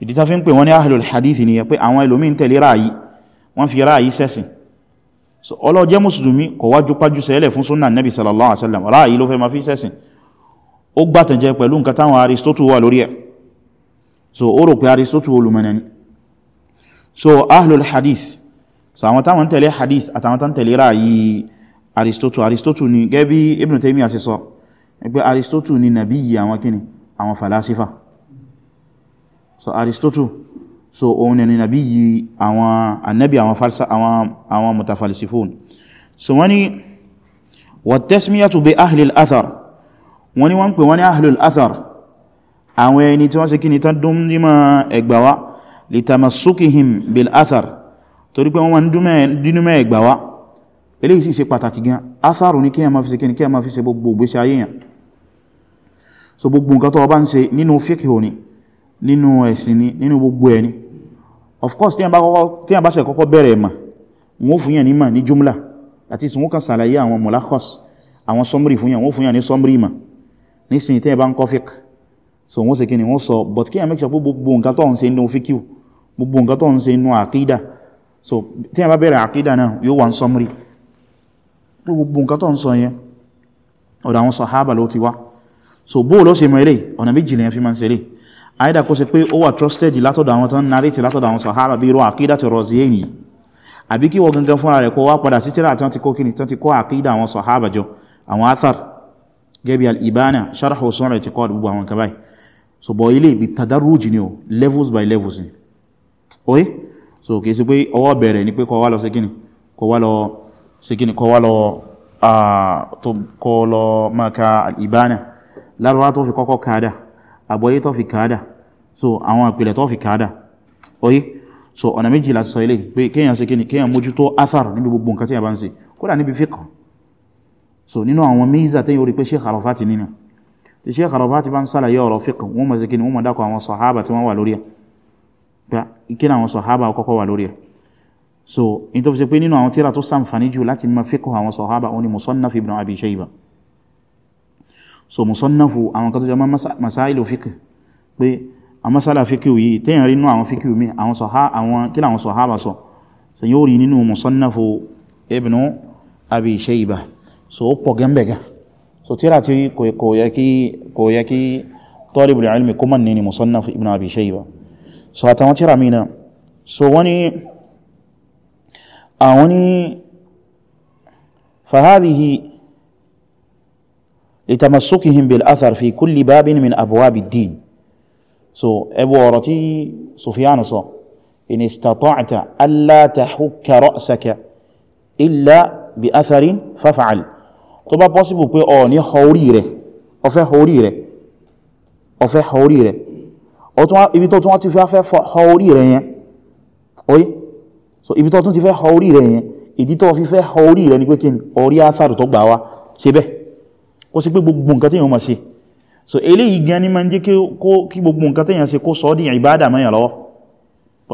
ìdí tán fi ń pè wọ́n ní ahlul hadithi ni pé àwọn ẹlòmí ń tẹ̀lé ra'ayi wọ́n fi ra'ayi sẹ́sìn so ọlọ́ jẹ́ mùsùlùmí kò wá ju pájú sẹ́lẹ̀ fún súnà nẹ́bí sallallahu alaihi wasallam ráàyí ló fẹ́ ma fi sẹ́sìn ó gbàtẹ̀jẹ pẹ̀lú nǹkan táwọn aristotle wà lórí ẹ̀ so ó rò pé aristotle olùmọ̀nà ni so ahlul hadith so àwọn táwọn tẹ̀lé hadith àtàwọn tán tẹ̀lé ráàyí aristotle aristotle ni gẹ́gẹ́ so aristotle so òun ni nàbí yìí àwọn annabi àwọn farsa àwọn àwọn mutafalisifun so wani wa tasmiyatu bi ahli al-athar wani wọ́n pè wani ahli al-athar àwọn ẹni tí wọ́n ṣe kíni tán dún níma ẹgbàwá litamassukihim bil athar torí pé wọ́n dínúmẹ́ ẹgbàwá eléyìí sì nínú ẹ̀sìn ni nínú gbogbo ẹni of course tí a bá ṣe kọ́kọ́ bẹ̀rẹ̀ ẹ̀mà wọ́n fún yàn ní mà ní jùmlà àti ìsìn wọ́n kan sàlàyé àwọn mọ̀lákọ́s àwọn sọmrì fún yàn wọ́n fún yàn ní sọmrì mà nísìn tí a bá ń kọ́ fík so wọ́n ṣe kíni wọ́n sọ but kí a make sure pé gbogbo nǹkan tó ń ṣe inú fíkíù gbogbo nǹkan tó ń ṣe inú àkídà so tí a bá bẹ̀rẹ̀ àkídà náà yóò wà ń sọmrì gbogbo nǹkan tó ń sọ yẹn ọ̀dọ̀ àwọn sàhábà ló ti wá so bóò ló ṣe mọ̀ eléyìí ọ̀nà méjì lèyàn fi máa ń ṣe eléyìí àìdà kó ṣe pé ó wà trusted látọ̀dọ̀ àwọn tán narrate látọ̀dọ̀ àwọn sahaba bí irú àkídà ti rọ̀zíyẹ́ni àbí kí wọ́n gangan fúnra rẹ̀ kó wá padà sí tíra tán ti kó kíni tán ti kó àkídà àwọn sahaba jọ àwọn athar gẹ́bí al-ibana sharh usul al-i'tiqad gbogbo àwọn kan so bọ̀ ilé ibi tadarruj ni o levels by levels ni oye so kìí sí pé ọwọ́ bẹ̀rẹ̀ ni pé kó wá lọ sí kíni kó wá lọ sí kíni kó wá lọ ah, tó kó lọ maka al-ibana lárúwá tó fi kọ́kọ́ káadáa àgbọ́yé tó fi kàádà so àwọn àpìlẹ̀ tó fi kàádà oyé so ọ̀nà méjì láti sọ ilé pé kéèyàn ṣe kíni kéèyàn mójútó athar níbi gbogbo nǹkan tí a bá ń ṣe kódà níbi fiqh so nínú àwọn míza tí yóò rí pé Sheikh Arafati nínú tí Sheikh Arafati bá ń sàlàyé ọ̀rọ̀ fiqh wọ́n mọ̀ sí kíni wọ́n mọ̀ dákọ̀ àwọn sọ̀hábà tí wọ́n wà lórí ẹ̀ kíni àwọn sọ̀hábà kọ́kọ́ wà lórí ẹ̀ fi Ibn Abi Shayba so musannafu àwọn kan tó jẹ́ masáìlò fíkì pé a masala fíkì yìí tẹ́yìn rí inú àwọn fíkì mi àwọn kílà àwọn sọ̀hábà sọ so yóò rí nínú musannafu ibnu abi shayba so ó pọ̀ gẹ́mbẹ̀gá so tíra tí kò yẹ kí talibul ilmi kó mọ̀ ní musannafu ibnu abi shayba so àtàwọn tíra mi náà so wani àwọn ni fahadihi litamasukihim bil athar fi kulli babin min abwab ad-din so ẹbú ọ̀rọ̀ tí Sufyan sọ in istata'ta alla tahukka ra'saka illa bi atharin fafa'al tó bá possible pé ó ní hori rẹ̀ ó fẹ́ hori rẹ̀ ó fẹ́ hori rẹ̀ ó tún ibi tó tún ti fẹ́ fẹ́ hori rẹ̀ yẹn oyi so ibi tó tún ti fẹ́ hori rẹ̀ yẹn ìdí tó fi fẹ́ hori rẹ̀ ni pé kíni orí athar tó gbà wá ṣe bẹ́ẹ̀ kó sí pé gbogbo nǹkan téèyàn máa ṣe so eléyìí gan ni máa ń jẹ́ kí gbogbo nǹkan téèyàn ṣe kó sọ ọ́ di ìbádà mẹ́yàn lọ́wọ́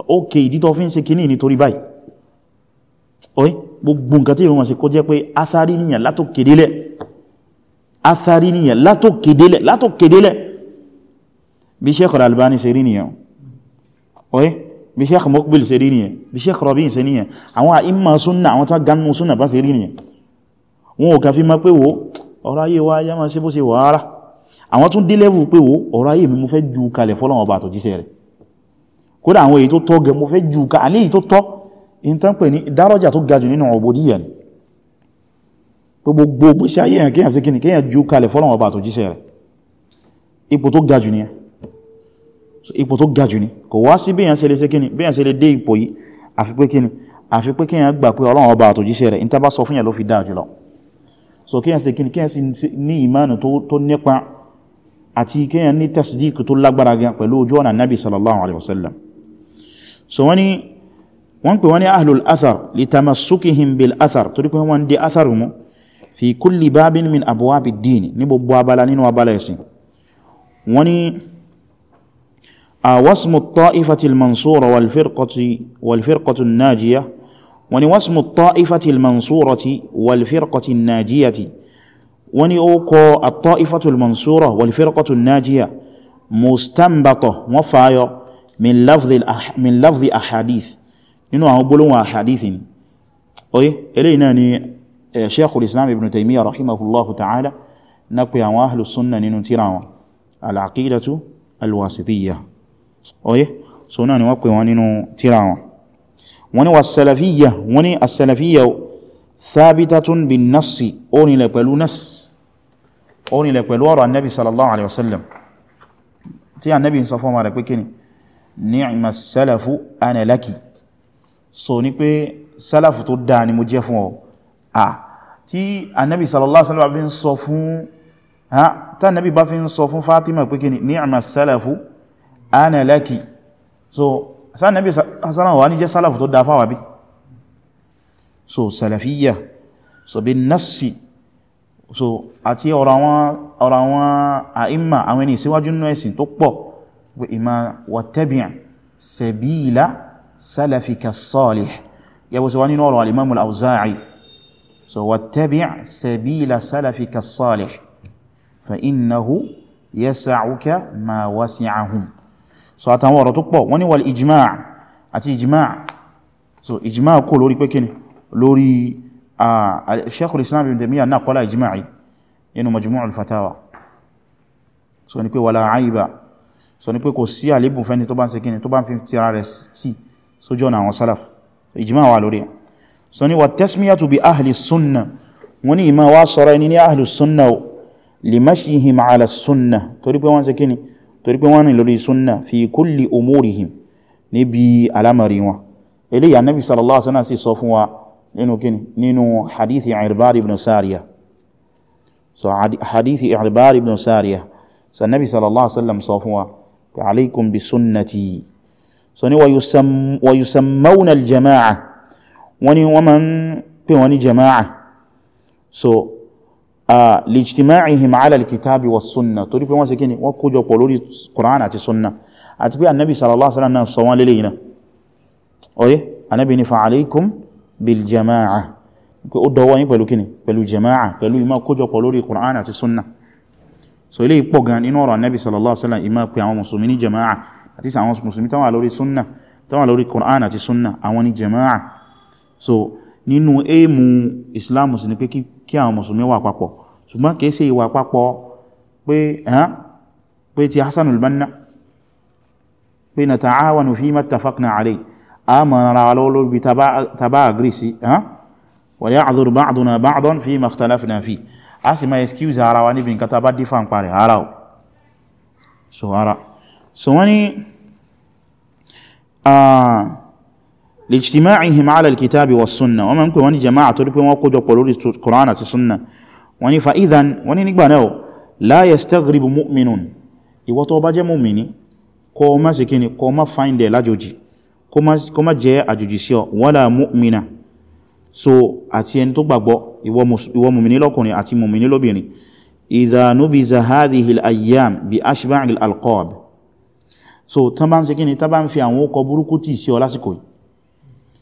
ok ìdí tó fi ń ṣe kíní nítorí báyìí oye athari níyàn látò kédélẹ̀ athari níyàn látò kédélẹ̀ látò kédélẹ̀ bí Sheikh Al-Albani ṣe rí nìyàn oye bí Sheikh Muqbil ṣe rí nìyàn bí Sheikh Rabi ṣe nìyàn àwọn àìmọ̀ súnà àwọn tán gannu súnà bá ṣe rí nìyàn wọn ò kà fi mọ́ pé wo ọ̀rọ̀ ayé wa yá máa ṣe bó ṣe wà ara àwọn tún dé level pé wo ọ̀rọ̀ ayé mi mo fẹ́ ju kalẹ̀ fọ́lọ́wọ́n ọba àtòjíṣẹ́ rẹ̀ kódà àwọn èyí tó tọ́ gẹ mo fẹ́ ju ka àní èyí tó tọ́ in tán pè ní dárọ́jà tó ga jù nínú ubudiyya ni gbogbo gbèsè ayé yẹn kéèyàn sí kíni kéèyàn ju kalẹ̀ fọ́lọ́wọ́n ọba àtòjíṣẹ́ so kíyàn sí kíni kíyàn sí ní ìmánu tó nípa àti kíyàn ní tasdik tó lágbára gan pẹ̀lú ojú ọ̀nà nabi sallallahu alaihi wasallam so wani wọ́n pè wani ahlul athar li tamassukihim bil athar torí pé wọ́n di athar mu fi kulli babin min abwabi din ní gbogbo abala nínú abala ẹ̀sìn wani a wasmu ta'ifatil mansura wal najiya وني واسم الطائفة المنصورة والفرقة الناجية وني أوكو الطائفة المنصورة والفرقة الناجية مستنبطة وفايا من لفظ الأح... من لفظ أحاديث إنه أقول أحاديث أي إلينا آه، شيخ الإسلام ابن تيمية رحمه الله تعالى نقيا أهل السنة ننتيرا العقيدة الواسطية أي سنة نقيا ننتيرا wọ́n ni wàsàlàfíyà wọ́n ni àsàlàfíyà thabitatun bin nassi orinlẹ̀ pẹ̀lú nass orinlẹ̀ pẹ̀lú ọ̀rọ̀ annabi sallallahu alaihi wasallam tí annabi sọ fọ́mà rẹ̀ pé kíni ni'ma salafu ana laki so ni pé salafu tó dáa ni mo jẹ́ fún ọ a tí annabi sallallahu alaihi wasallam fi ń sọ so sáànàbí hasanan wà ní jẹ́ sálàfù tó dá bí so salafiyya so bí nassi so àti ọ̀rọ̀ àwọn àìmà àwọn ẹni síwájú nínú ẹ̀sìn tó pọ̀ pé ìmá wattabi' sabila salafika salih yẹbù sí wá nínú ọ̀rọ̀ al-imam al-awza'i so wattabi' salafika salih fa innahu yas'uka ma wasi'ahum so àtàwọn ọ̀rọ̀ tó pọ̀ wọ́n ní wal ijma' àti ijma' so ijma' kò lórí pé kíni lórí Sheikhul Islam Ibn Taymiyyah náà kọ́lá ijma'i inú Majmu' al-Fatawa so ni pé wala aiba so ni pé kò sí àlébù fẹ́ni tó bá ń ṣe kíni tó bá ń fi tira rẹ̀ sí sójú ọ̀nà àwọn salaf ijma' wà lórí so ni wa tasmiyatu bi ahli sunna wọ́n ní ìmá wá sọ̀rọ̀ ẹni ní ahli sunna limashihim ala sunna torí pé wọ́n ṣe kíni torí pé wọ́n rìn lórí súnnà fi kulli umurihim níbi alámọ̀rí wọn eléyìí anábi sallallahu alaihi wasallam sì sọ fún wa nínú kíni nínú hadithi irbad ibn sariya so hadithi irbad ibn sariya so anábi sallallahu alaihi wasallam sọ fún wa pé alaikum bi sunnati so ni wa yusammawna al jama'a wani wọ́n pè wọ́n jama'a so lijtima'ihim ala alkitabi wa sunna torí pé wọ́n ṣe kíni wọ́n kójọ pọ̀ lórí Qur'an àti sunna àti pé annabi sallallahu alaihi wasallam náà sọ wọ́n lélẹ̀ yìí náà oye annabi ni fa'alaikum bil jama'a ó dọwọ́ yín pẹ̀lú kíni pẹ̀lú jama'a pẹ̀lú ìmá kójọ pọ̀ lórí Qur'an àti sunna so ilé pọ̀ gan inú ọ̀rọ̀ annabi sallallahu alaihi wasallam ìmá pé àwọn musulmi ní jama'a kí àwọn mùsùlùmí wà papọ̀ ṣùgbọ́n kìí ṣe ìwà papọ̀ pé ẹ̀hán pé ti Hasan al-Banna pé nata'awanu fima ittafaqna alayhi a mọ̀rànra lórí tàbá agri sí ẹ̀hán wa ya'dhur ba'duna ba'dan fima ikhtalafna fi a sì máa excuse ara wa níbi nǹkan tàbá dífà ń ara ọ̀ so ara so wọ́n ni لاجتماعهم على الكتاب والسنه وما ممكن وني جماعه تربي ما قد قولوا القران والسنه وني فاذا وني نقبا لا يستغرب مؤمن يوا إيوة تو باجي مؤمني كوما سكيني كوما فايند لا جوجي كوما كوما جي اجوجي سي ولا مؤمنا سو اتي ان تو غبغو يوا إيوة يوا مؤمني لوكوني اتي مؤمني لوبيني اذا نبز هذه الايام باشبع الالقاب سو تبان سكيني تبان في ان كو بروكو تي سي ولا سكوي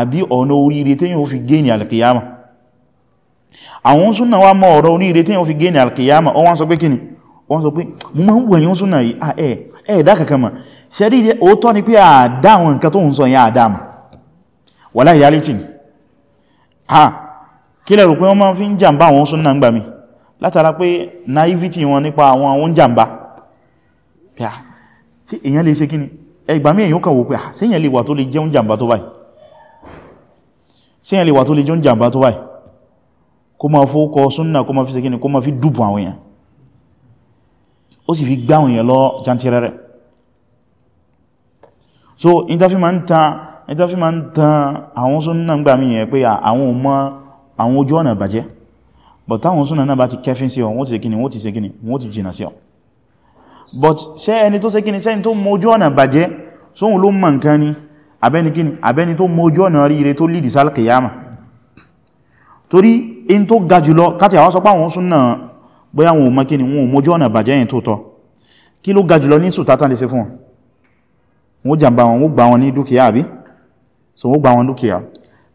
àbí ọ̀nà oríire téyàn ó fi gẹ́ni alkiyama àwọn súnà wá mọ́ ọ̀rọ̀ oríire téyàn ó fi gẹ́ni alkiyama ó wọ́n sọ pé kíni wọ́n sọ pé mú ma ń wọ̀ yíó súnà yìí à ah, ẹ̀ ẹ̀ dá kankan mọ̀ ṣẹ́rí ilé òótọ́ ni pé àdá reality ha kí lẹ rò pé wọ́n máa fi ń jàǹbá àwọn súnà ń gbà mí látara pé naivety wọn nípa àwọn àwọn jàǹbá ah, èèyàn lè ṣe kíni ẹgbàmí èèyàn kàn ah, wà tó lè jẹun jàǹbá tó báyìí sí ẹ̀lẹ̀ wà tó lè jọ ń jàmbá tó báyìí kó ma fó kọ súnnà kó ma fi sẹ́kíní kó ma fi dùbù àwọn èèyàn ó sì fi gbáwọn èèyàn lọ jantirẹ so ìtafí ma ń tan àwọn súnnà ń gbà mí yẹn pé àwọn ọmọ àwọn ojú ọ̀nà bàjẹ́ but táwọn súnnà náà bá ti kẹfín sí ọ wọ́n ti sẹ́kíní wọ́n ti sẹ́kíní wọ́n ti jìnà sí ọ but ṣé ẹni tó sẹ́kíní sẹ́ni tó mọ ojú ọ̀nà bàjẹ́ sóhun ló mọ̀ nǹkan ni abẹ́ni kíni abẹ́ni tó mójú ọ̀nà ríire tó lìdì sálkìyàmà torí in tó ga jùlọ káti àwọn sọpá àwọn súnnà bóyá wọn ò mọ́ kíni wọn ò mójú ọ̀nà bàjẹ́ yìí tó tọ́ kí ló ga jùlọ ní sùtátà lè ṣe fún wọn wọ́n jàmbá wọn wọ́n gbà wọn ní so wọ́n gbà wọn dúkìá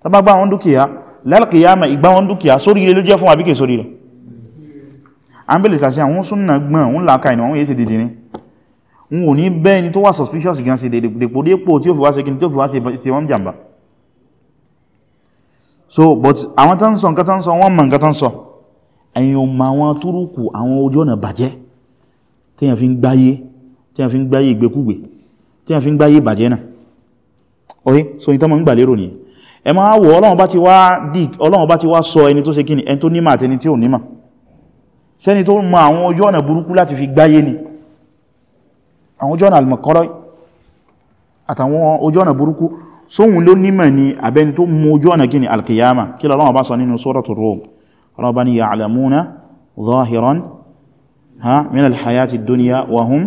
tá bá gbà wọn dúkìá lálkìyàmà ìgbà wọn dúkìá sórí ire ló jẹ́ fún àbíkè sórí rẹ̀ à ń bèlè n ò ní bẹ́ẹ̀ ni tó wà suspicious gan sí dèpò dépò tí ó fi wá sí kí tí ó fi wá sí wọ́n jàmbá so but àwọn tán sọ nǹkan tán sọ wọ́n mọ̀ nǹkan tán sọ ẹ̀yin o ma wọn túrùkù àwọn ojú ọ̀nà bàjẹ́ téèyàn fi ń gbáyé téèyàn fi ń gbáyé ìgbékúgbé téèyàn fi ń gbáyé bàjẹ́ náà oye so ní tán mọ̀ ń gbà lérò nìyẹn ẹ máa wọ ọlọ́run bá ti wá dì ọlọ́run bá ti wá sọ ẹni tó ṣe kíni ẹni tó nímọ̀ àtẹni tí ò nímọ̀ sẹ́ni tó mọ àwọn ojú ọ̀nà burúkú láti fi gbáyé ni àwọn ojú ọ̀nà alìmọ̀kọ́rọ̀ àtàwọn ojú ọ̀nà burúkú sóhun ló nímọ̀ ni abẹni tó mú ojú ọ̀nà gini alkiyama kí lọ́wọ́ bá sọ nínú suratul Rum rọ́bá ni ya'lamuna zahiran ha min alhayati dunya wa hum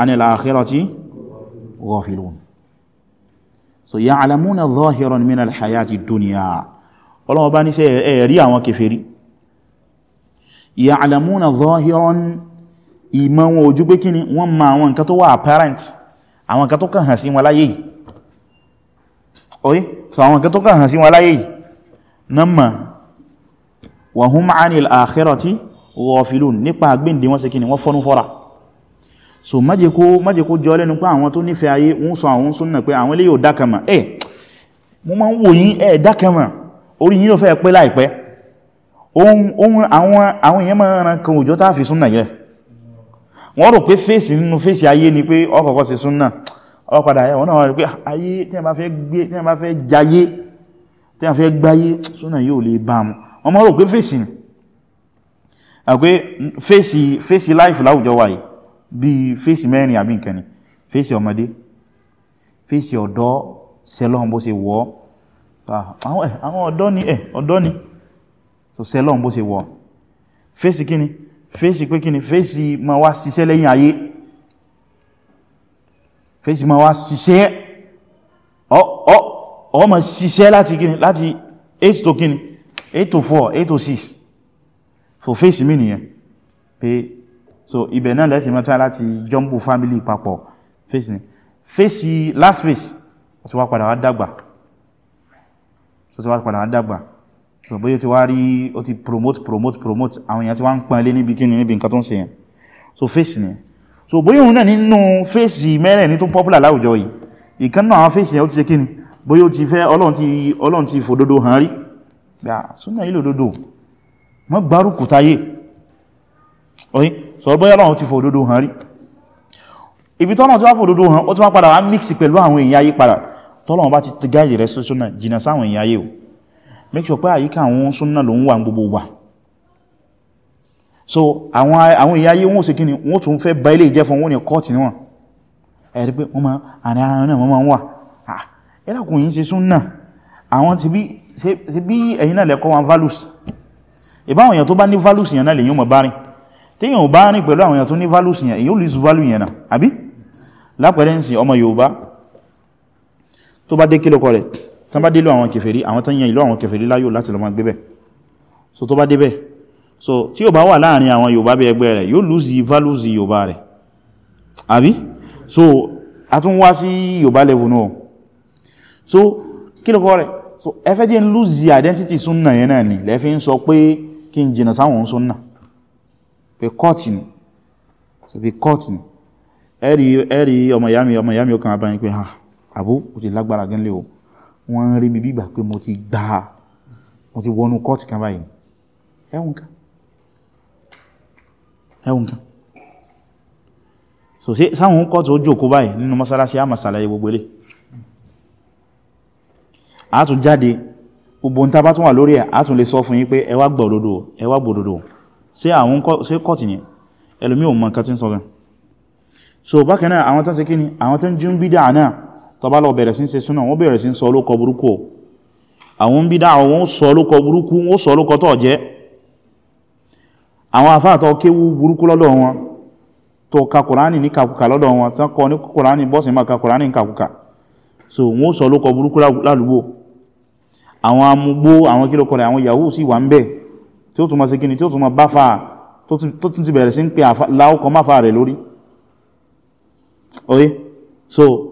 anil akhirati ghafilun so ya'lamuna zahiran min alhayati dunya ọlọ́wọ́ bá ní sẹ́ ẹ̀rí àwọn kèfèrí ya'lamuna zahiran ìmọ̀ wọn ojú pé kíni wọ́n ma àwọn nǹkan tó wà apparent àwọn nǹkan tó kàn hàn sí wọn láyé yìí oye so àwọn nǹkan tó kàn hàn sí wọn láyé yìí na mọ̀ wa hum 'anil akhirati ghafilun nípa agbíndì wọ́n ṣe kíni wọ́n fọ́nú fọ́ra so májèkó májèkó jọ lẹ́nu pé àwọn tó nífẹ̀ẹ́ ayé wọ́n sọ àwọn súnnà pé àwọn eléyìí ò dákàmà ẹ̀ eh, mo máa ń wò yín ẹ̀ dákàmà orí yín ló fẹ́ pẹ́ láìpẹ́ ohun àwọn èèyàn máa ń ran kan òjò tá fi súnnà yẹn wọ́n rò pé fèsì nínú fèsì ayé ni pé ọkọ̀kọ́ sí súnnà ọpadà ẹ̀wọ̀n náà rẹ̀ pé ayé tí a bá fẹ́ gbé tí a bá fẹ́ jayé tí a fẹ́ gbáyé súnnà yóò lè bá mu wọ́n mọ́ rò pé fèsì ni àpé fèsì fèsì láìfù láwùjọ wáyé bí fèsì mẹ́rin àbí nǹkan ni fèsì ọmọdé fèsì ọ̀dọ́ sẹlọ́n bó ṣe wọ́ so sẹlọ́n bó ṣe wọ́ fèsì kíni fèsì pé kíni fèsì ma wá ṣiṣẹ́ lẹ́yìn ayé fèsì ma wá ṣiṣẹ́ ọ ma ṣiṣẹ́ láti kíni láti 8 to kíni 8 to 4 8 to 6 so fèsì mí nìyẹn pé so ibẹ̀ náà lẹ́tì mẹ́ta láti jumbo family papọ̀ fèsì ni fèsì last face ó ti wá padà wá dàgbà ti wá padà wá dàgbà so bóyá ti wá rí ó ti promote promote promote àwọn èèyàn ti wá ń pọ́n ilé níbi kíni níbi nǹkan tó ń ṣe yẹn so face ni so bóyá òun náà nínú face mẹ́rẹ̀ ní tó popular láwùjọ yìí ìkan náà àwọn face yẹn ó ti ṣe kíni bóyá ó ti fẹ́ ọlọ́run ti ọlọ́run ti fòdodo hàn rí gbà súnà yìí lòdodo mọ́ gbárùkù táyé oyin so bóyá ọlọ́run ti fòdodo hàn rí ibi tọ́lọ́run ti wá fòdodo hàn ó ti wá padà wá mix pẹ̀lú àwọn èèyàn ayé padà tọ́lọ́run bá ti gáyì rẹ̀ sọ́sọ́nà jìnà sáwọn èèyàn ayé o make sure pé àyíká àwọn súnnà ló ń wà gbogbo wà so àwọn àwọn ìyá ayé wọ́n ṣe kíni wọ́n tún fẹ́ bá ilé ìjẹ́ fún wọn ní kọ́ọ̀tì níwọ̀n ẹ̀rí pé wọ́n ma àrin ara náà wọ́n ma ń wà ẹ̀rọ̀kùn yìí ṣe súnnà àwọn ti bí ẹ̀yìn náà lẹ́kọ́ wọn values ìbáwọn èèyàn tó bá ní values yẹn náà lè yíò mọ̀ bá rìn tí èèyàn rẹ̀ tán bá délò àwọn kèfèrí àwọn tán yẹn ìlú àwọn kèfèrí láyò láti lọ máa gbébẹ̀ so tó bá débẹ̀ so tí yóò bá wà láàrin àwọn Yorùbá bí ẹgbẹ́ rẹ̀ yóò lùzì valúzì Yorùbá rẹ̀ àbí so a tún wá sí Yorùbá level náà so kí so ẹfẹ́ jẹ́ ń lùzì identity súnnà yẹn náà ni lẹ́fí ń sọ pé kí n jìnà sáwọn súnnà pé kọ́ọ̀tì ni so pé ẹ̀rí ọmọ ìyá ọmọ ìyá mi abáyín pé ha ah, àbú ó ti lágbára gẹ́lẹ́ wọ́n rí mi bígbà pé mo ti gbà mo ti wọnú kọ́ọ̀tì kan báyìí ẹ̀wùn kan ẹ̀wùn kan so sí sáwọn kọ́ọ̀tì ó jòkó báyìí nínú mọ́sálásí a máa ṣàlàyé gbogbo ilé a tún jáde gbogbo nta bá tún wà lórí ẹ̀ a tún lè sọ fún yín pé ẹ wá gbọ́ òdodo ẹ wá sí àwọn kọ́ọ̀tì ni ẹlòmí ò mọ nǹkan tí ń sọ gan so bákan náà àwọn tán ṣe kí ni àwọn tán jí ń bídà náà tọba lọ bẹ̀rẹ̀ sí ṣe súnà wọ́n bẹ̀rẹ̀ sí sọ olókọ burúkú o àwọn bídá àwọn sọ olókọ burúkú wọ́n sọ olókọ tó jẹ́ àwọn afáàtọ̀ kéwú burúkú lọ́dọ̀ wọn tó ka kùránì ní kàkùkà lọ́dọ̀ wọn tán kọ ní kùránì bọ́sì máa ka kùránì kàkùkà so wọ́n sọ olókọ burúkú lálùgbò àwọn amúgbó àwọn kílòkọlẹ̀ àwọn yahoo sì wà ń bẹ̀ tí ó tún máa ṣe kíni tí ó tún máa bá fa tó tún ti bẹ̀rẹ̀ sí ń pe láókọ máfà rẹ̀ lórí so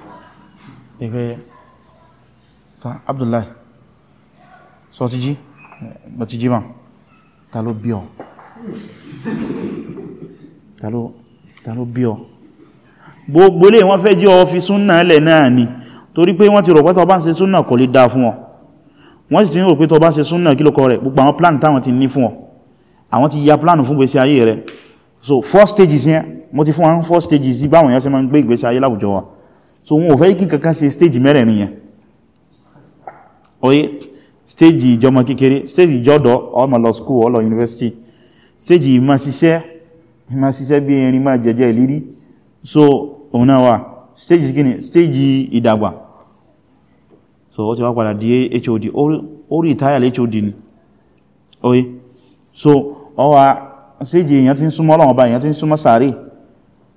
ìgbé ta Abdullahi sọ ti jí bọ̀ ti jí ma ta ló bí ọ ta ló bí ọ gbogbo lè wọ́n fẹ́ jẹ́ ọ fi súnnà ẹlẹ̀ náà ni torí pé wọ́n ti rò pé tó ń ṣe súnnà kò lè dáa fún ọ wọ́n sì ti rò pé tó ń ṣe súnnà kí ló rẹ̀ gbogbo àwọn plan táwọn ti ní fún ọ àwọn ti ya plan fún gbèsè ayé rẹ̀ so first stage yẹn mo ti fún àwọn first stages báwọn yẹn ṣe máa ń gbé ìgbésí ayé láwùjọ wa so wọn ò fẹ́ kí kankan ṣe stage mẹ́rẹ̀ẹ̀rin yẹn oye stage ìjọmọ kékeré stage ìjọdọ̀ ọmọ lọ school ọlọ university stage ìmá ṣiṣẹ́ ìmá ṣiṣẹ́ bí erin máa jẹjẹ ìlírí so òun náà wà stage gini stage ìdàgbà so ó ti wá padà di HOD orí ìtáyà lè HOD ni oye so ọwà stage èyàn ti ń súnmọ́ ọlọ́wọ́ bá èyàn ti ń súnmọ́ sàárè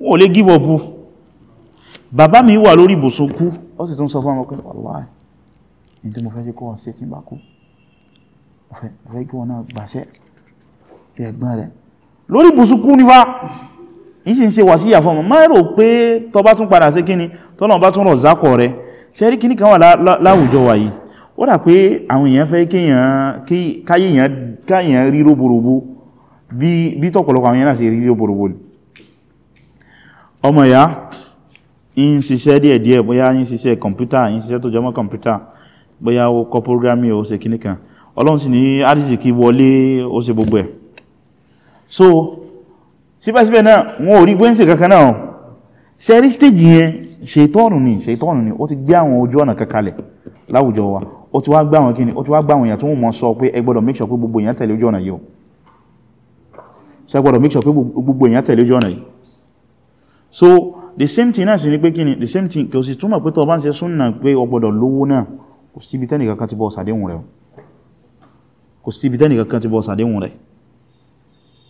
wọn lè give up bàbá mi wà lórí ibùsùn kú ó sì tún sọ fún ọmọkẹ́ wàláì ní tí mo fẹ́ jẹ́ kọ́ wọn sí tí bá kú ọ̀fẹ́ kí wọn náà gbàṣẹ́ ẹ̀gbọ́n rẹ̀ lórí ibùsùn kú nífà yìí sì ń ṣe wà sí ìyàfọ́ ọmọ má rò pé tó bá tún padà sí kíni tọ́nà bá tún rọ̀ zákọ̀ rẹ̀ ṣẹ́rí kíní kan wà láwùjọ wà yìí ó ni ọmọ ya in ṣiṣẹ́ díẹ̀ díẹ̀ bóyá in ṣiṣẹ́ kọmpútà in ṣiṣẹ́ tó jọmọ́ kọmpútà bóyá ó kọ́ programming ó ṣe kìnnìkan ọlọ́run sì ní àdìsìkí wọlé ó ṣe gbogbo ẹ̀ so síbẹ̀síbẹ̀ náà wọn ò rí gbé ń ṣe kankan náà sẹ́rí stage yẹn ṣètọ́nù ni ṣètọ́nù ni ó ti gbé àwọn ojú ọ̀nà kankalẹ̀ láwùjọ wa ó ti wá gbá àwọn kíni ó ti wá gbá àwọn èèyàn tó mọ̀ sọ pé ẹ gbọ́dọ̀ make gbọ́dọ̀ make sure pé gbogbo èèyàn tẹ̀lé ojú ọ̀nà yìí so the same thing náà sì ní pé kí ni the same thing kò sì túnmọ̀ pé tó bá ń ṣe súnnà pé o gbọ́dọ̀ lówó náà kò síbi tẹ́nì kankan ti bọ́ sàdéhùn rẹ̀ kò síbi tẹ́nì kankan ti bọ́ sàdéhùn rẹ̀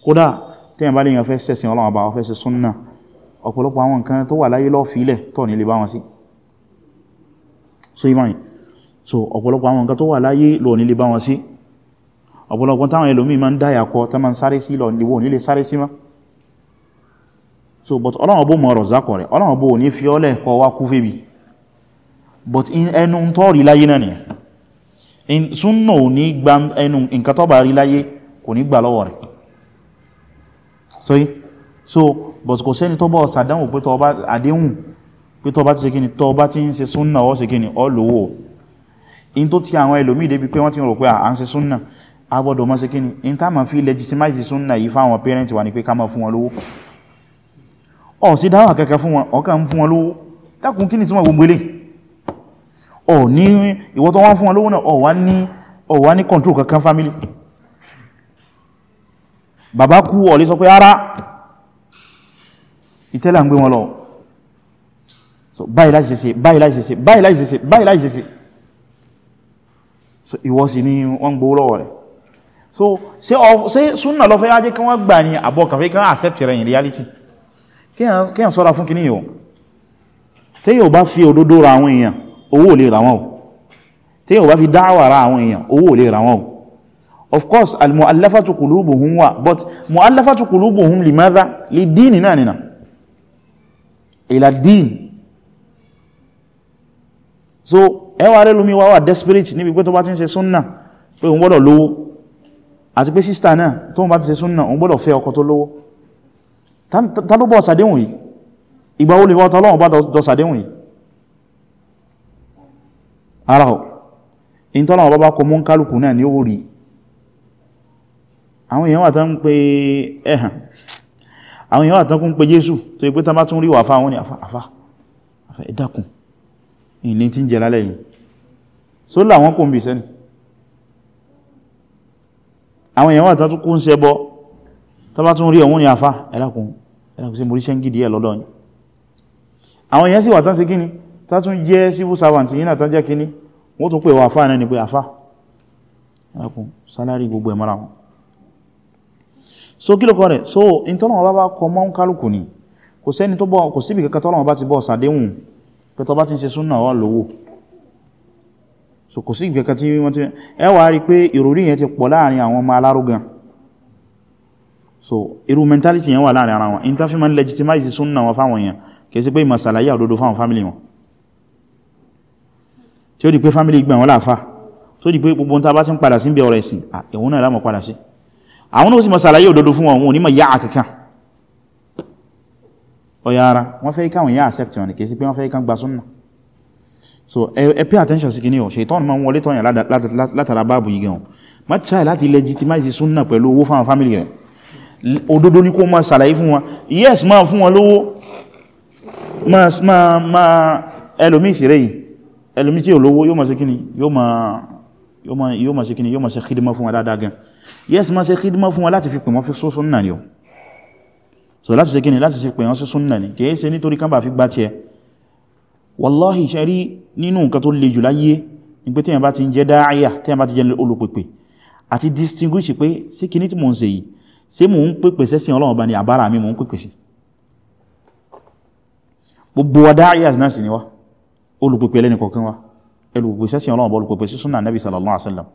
kódà tẹ́yìn bá léyàn fẹ́ sẹ́sìn ọlọ́wọ́ bá fẹ́ ṣe súnnà ọ̀pọ̀lọpọ̀ àwọn nǹkan tó wà láyé lọ́fìílẹ̀ tọ́ ní lè bá wọn sí so ìmáyìn so ọ̀pọ̀lọpọ̀ àwọn nǹkan tó wà láyé lọ ní lè bá wọn sí ọ̀pọ̀lọpọ̀ táwọn ẹlòmíì máa ń so but ọlọ́wọ́ bó mọ̀ rọ̀zákọ̀ rẹ̀ ọlọ́wọ́ bó ní fi ọlẹ́ kọ wá kú fèbí but in ẹnu tó rí láyé náà nìyẹn in súnnà ò ní gba ẹnu nǹkan tó bá rí láyé kò ní gbà lọ́wọ́ rẹ̀ so yí so but kò sẹ́ni tó bọ́ sàdánwò pé tọba àdéhùn pé tọba ti ṣe kíni tọba ti ń ṣe súnnà ó ṣe kíni ó lówó in tó ti àwọn ẹlòmíì débi pé wọ́n ti rò pé à ń ṣe súnnà agbọ́dọ̀ mọ́ ṣe in tá ma fi legitimize súnnà yìí fáwọn parent wa ni pé ká máa fún wọn lówó ọ̀ sí dáwà kẹ́kẹ́ fún wọn ọ̀ká ń fún wọn lówó dákùn kí ni tí wọ́n gbogbo ilé ọ̀ ní ìwọ tó wọ́n fún wọn lówó náà ọ̀wá ní ọ̀wá ní control kankan family bàbá kú ó lè sọ pé ara ìtẹ́là ń gbé wọn lọ so báyìí láti ṣe báyìí láti ṣe báyìí láti so ìwọ sì ni wọ́n gbówó lọ́wọ́ rẹ̀ so ṣe súnà lọ fẹ́ ajé kí wọ́n gbà ní àbọ̀kàfẹ́ accept reality kíyàn sọ́ra fún kìíní yóò tí yóò bá fi òdodo ra àwọn èèyàn owó lè ra wọn o tí yóò bá fi dáwà ra àwọn èèyàn owó lè ra wọn o of course al-mu'allafatu qulubuhum wà but mu'allafatu qulubuhum limadha li dini náà nìna ila din so ẹwà rẹ̀ lómi wà wà desperate níbi pé tó bá ti ń ṣe súnnà pé òun gbọ́dọ̀ lówó àti pé sísta náà tó bá ti ṣe súnnà òun gbọ́dọ̀ fẹ́ ọkọ tó lówó ta ló bọ́ sàdéhùn yìí ìgbà olè wọ́n tọ́lọ́wọ́n bá jọ sàdéhùn yìí ara ọ̀ in tọ́lọ́wọ́n bá bá kọ mún kálùkù náà ní ó rí àwọn èèyàn wà tán ń pè ẹ̀hàn àwọn èèyàn wà tán kún pé Jésù tó ipé tán bá tún rí wàfá wọn ni àfá ẹ̀dàkùn ilé tí ń jẹ só làwọn kò ń bì sẹ́ni àwọn èèyàn wà tán tún kún sẹ́bọ́ tó bá tún rí ọ̀wọ́n ni àfá ẹlákùn ẹlákùn sí mo ń gidi ẹ̀ lọ́dọ̀ ni àwọn èèyàn sì wà tán sí kíni tá tún jẹ́ civil servant yìí náà tán jẹ́ kíní wọ́n tún pè wọ àfá náà ni pé àfá ẹlákùn sálárì gbogbo ẹ̀ wọn so kí ló kọ so in tọ́lọ̀ bá bá kọ mọ́ ń kálukú ni kò sẹ́ni tó bọ́ kò síbi so kò sí ìgbẹ̀kan tí wọ́n ti ẹwà rí pé ìròrí yẹn so irú mentality yẹn wà láàrin ara wọn in ta fi ma legitimize sunna wọn fáwọn èèyàn kìí sí pé ìmọ̀sàlàyé àdodo fáwọn family wọn tí ó di pé family gbà wọn láàfà tó di pé gbogbo ta bá ti ń padà sí bí ọ̀rọ̀ ẹ̀sìn ẹ̀wọ̀n náà lámọ̀ padà sí àwọn náà sì mọ̀sàlàyé òdodo fún wọn onímọ̀ yá àkàkà ọ̀yà ara wọ́n fẹ́ káwọn yá accept wọn kìí sí pé wọ́n fẹ́ ká gba sunna so ẹ pay attention sí kìíní ọ̀ ṣètọ́n máa ń wọlé tọ́yàn látara báàbù yìí gan-an má try láti legitimize sunna pẹ̀lú owó fáwọn family rẹ̀ òdodo ní kó máa ṣàlàyé fún wọn yes máa fún wọn lówó máa máa ẹlòmí ìṣẹ́rẹ́ yìí ẹlòmí tí olówó yóò máa ṣe kíni yóò máa ṣe kíni yóò máa ṣe khidima fún wọn dáadáa gan yes máa ṣe khidima fún wọn láti fi pè wọ́n fi sọ súnnà ni o so láti ṣe kíni láti ṣe pè wọ́n sí ni kìí ṣe nítorí kan bá fi gbá tiẹ̀ wallahi ṣe rí nínú nǹkan tó le jù láyé ní pé téèyàn bá ti ń jẹ́ dááyà téèyàn bá ti jẹ́ olùpèpè àti distinguish pé sí tí mò ń ṣe yìí ṣé mò ń pèpè sẹ́sìn ọlọ́run ọba ni àbára mi mò ń pèpè sí gbogbo wa dáyàs náà sì ni wá olùpèpè lẹ́nu kọ̀ọ̀kan wá olùpèpè sẹ́sìn ọlọ́run ọba olùpèpè sí súnà nabi sallallahu alaihi wasallam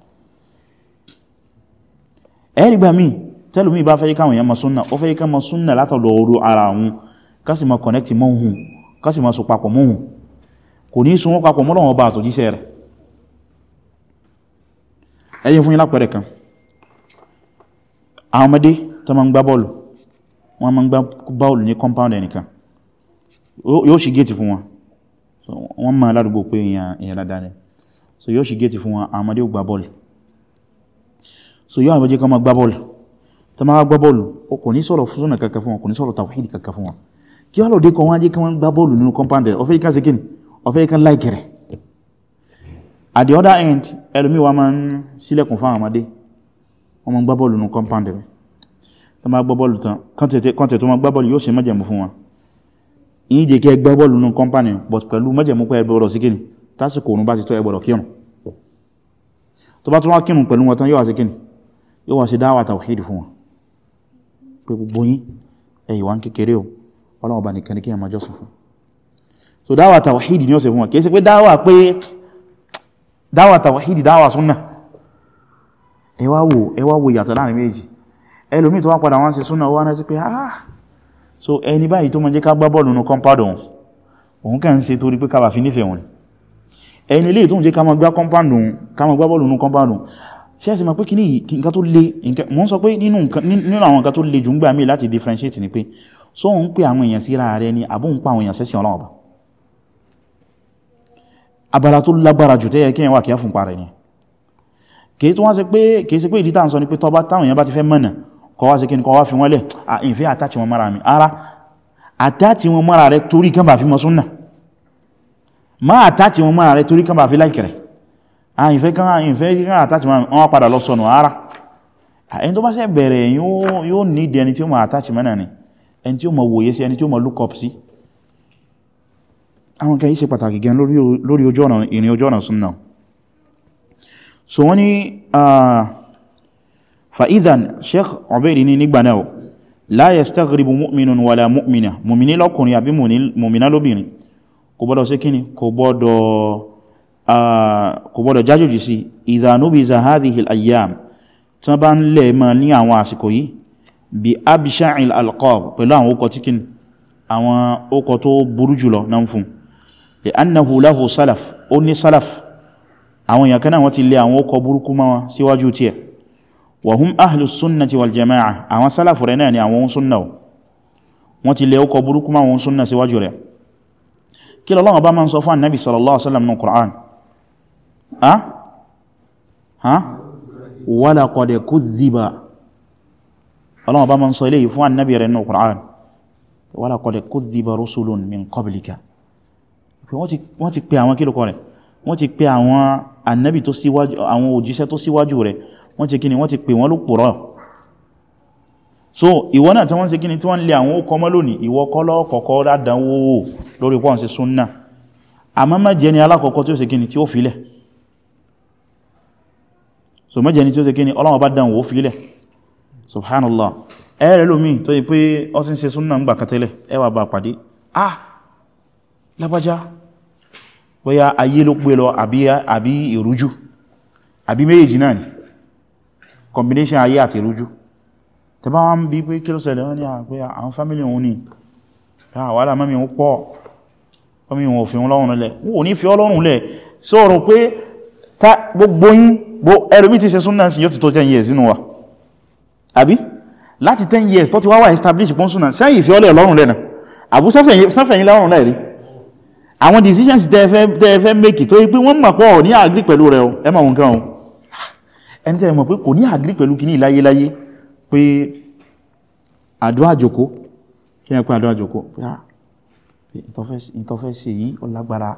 ẹ̀rí gbà míì tẹ́lùmí bá fẹ́ káwọn èèyàn ma súnà ó fẹ́ ká ma súnà látọ̀dọ̀ orú fún yín lápẹẹrẹ kan àwọn ọmọdé tó ma ń gbá bọ́ọ̀lù wọ́n ma ń gbá bọ́ọ̀lù ní compound ẹnìkan yóò ṣì gẹ́ẹ̀tì fún wọn wọ́n ma ládùúgbò pé èyàn dáadáa rẹ̀ so yóò ṣì gẹ́ẹ̀tì fún wọn àwọn ọmọdé ò gbá bọ́ọ̀lù so yóò àwọn ọmọdé kan ma gbá bọ́ọ̀lù tó ma gbá bọ́ọ̀lù o kò ní sọ̀rọ̀ súnà kankan fún wọn kò ní sọ̀rọ̀ tàwíìdì kankan fún wọn kí wọ́n lòdì kan wọ́n jẹ́ kí gbá bọ́ọ̀lù nínú compound rẹ̀ ọ̀fẹ́ ikan sekin ọ̀fẹ́ ikan láìkẹrẹ̀ at the other end ẹlòmíì wa ma ń sílẹ̀kùn fáwọn ọmọdé wọ́n máa gbá bọ́ọ̀lù nù compound rẹ̀ tó máa gbá bọ́ọ̀lù tán kọ́ntẹ̀ tó máa gbá bọ́ọ̀lù yóò ṣe májẹ̀mú fún wọn yìí jẹ́ kí ẹ gbá bọ́ọ̀lù nù compound rẹ̀ but pẹ̀lú májẹ̀mú pé ẹ gbọ́dọ̀ sí kíni tásìkò òun bá ti tó ẹ gbọ́dọ̀ kírun tó bá tún wá kírun pẹ̀lú wọn tán yóò wá sí kíni yóò wá ṣe dáwà tawhid fún wọn pé gbogbo yín ẹ̀yìn wá ń kékeré o ọlọ́wọ́ bá nìkan ní kí ẹ máa fún so dáwà tawhid ni ó ṣe fún wọn kìí ṣe pé dáwà pé dáwà tawhid dáwà sunnah ẹ wá wò ẹ wá wò ìyàtọ̀ láàrin méjì ẹlòmí tó wá padà wọ́n ṣe súnà wọ́n rántí pé ah, ah so ẹni báyìí tó mọ́ jẹ́ ká gbá bọ́ọ̀lù nù kọ́mpáàdù òun òun kẹ́ ń ṣe torí pé kábà fi nífẹ̀ẹ́ wọn ẹni ilé tó ń jẹ́ ká máa gbá bọ́ọ̀lù ní nǹkan le mọ́ ń sọ pé nínú àwọn nǹkan le jù ń gbà mí láti differentiate ni so ń pè àwọn èèyàn síra rẹ ni àbó ń pa àwọn èèyàn sẹ́sìn ọlọ́wọ́ abala tó lágbára kìí tó wá sí pé kìí sí pé ìdí tàà ń sọ ní pé tọba táwọn èèyàn bá ti fẹ́ mọ̀nà kọ wá sí kí ní kọ wá fi wọ́n lẹ̀ àìfẹ́ àtàtì wọn mara mi ara àtàtì wọn mara rẹ torí kan bá fi mọ súnnà má àtàtì wọn mara rẹ torí kan fi láìkẹrẹ àìfẹ́ kan àìfẹ́ ara ẹni tó bá sẹ bẹ̀rẹ̀ yóò ní ìdí ẹni tí ó ni ẹni tí ó mọ wòye sí ẹni tí ó mọ look up sí àwọn so wọ́n ni ah, fa'idan sheikh obedi ni nígbà náà la yastaghribu mu'minun wala mu'mina mùmìní lọ́kùnrin àbí mùmìná lóbìnrin kò gbọ́dọ̀ sí kíni kò gbọ́dọ̀ ah, jájòjì sí idha nubiza hadhihil ayyam tán bá ń lè mọ́ ní àwọn àsìkò yìí bí abisha'il alqab pẹ̀lú àwọn okọ̀ tíkin àwọn okọ̀ tó burú jùlọ náà fún àwọn èèyàn kan náà wọ́n ti lé àwọn ọkọ̀ burúkú máa síwájú tí ẹ̀ wọ̀hún ahlu sunna ti wal jama'a àwọn sálàfù rẹ̀ náà ni àwọn sunna wọ́n ti lé ọkọ̀ burúkú máa wọn sunna síwájú rẹ̀ kí lọ́lọ́wọ́ bá máa ń sọ fún annabi sallallahu alaihi wasallam ní Qur'an ha ha wala qad kudhiba ọlọ́wọ́ bá máa ń wọ́n ti pe àwọn annabi tó síwájú àwọn òjíṣẹ́ tó síwájú rẹ̀ wọ́n ti kíni wọ́n ti pè wọ́n ló pòrọ̀ so ìwọ náà tí wọ́n ti kíni tí wọ́n lè àwọn okọ́ mọ́ lónìí ìwọ kọ́lọ́ kọ̀kọ́ rádánwó so mẹ́jẹ ni tí ó ṣe subhanallah ẹ̀rẹ́ lómi tó yí pé ó sì ń ṣe súnnà ah lábájá bóyá ayé ló pé lọ àbí ìrújú àbí méjì náà ni combination ayé àti ìrújú tẹbá wọn bí pé kí ló ṣẹlẹ̀ wọ́n ní àpé ah, àwọn family òun ni ah, àwọ́lá mọ́mí òun pọ̀ mọ́mí òun òfin ọlọ́run lẹ̀ wọ́n ní fi ọlọ́run lẹ̀ sọ̀rọ̀ pé gbogbo yín ẹrùmí ti ṣe súnnàsì yóò ti tó 10 years nínú wa àbí láti 10 years tó ti wá wà establish pọ́n súnnàsì sẹ́yìn ìfẹ́ ọlọ́run lẹ́nà àbúsáfẹ̀yìn lọ́rùn lẹ́rí àwọn decisions tẹ́ fẹ́ make tó yí pé wọ́n mọ̀ pé ọ̀ ní agree pẹ̀lú rẹ̀ ẹ mọ̀ wọn kan o ẹni tẹ́ mọ̀ pé kò ní agree pẹ̀lú kìíní láyéláyé pé àdúrà jòkó kí ẹ pé àdúrà jòkó ìtọ́fẹ́ ah, sí yí ọlágbára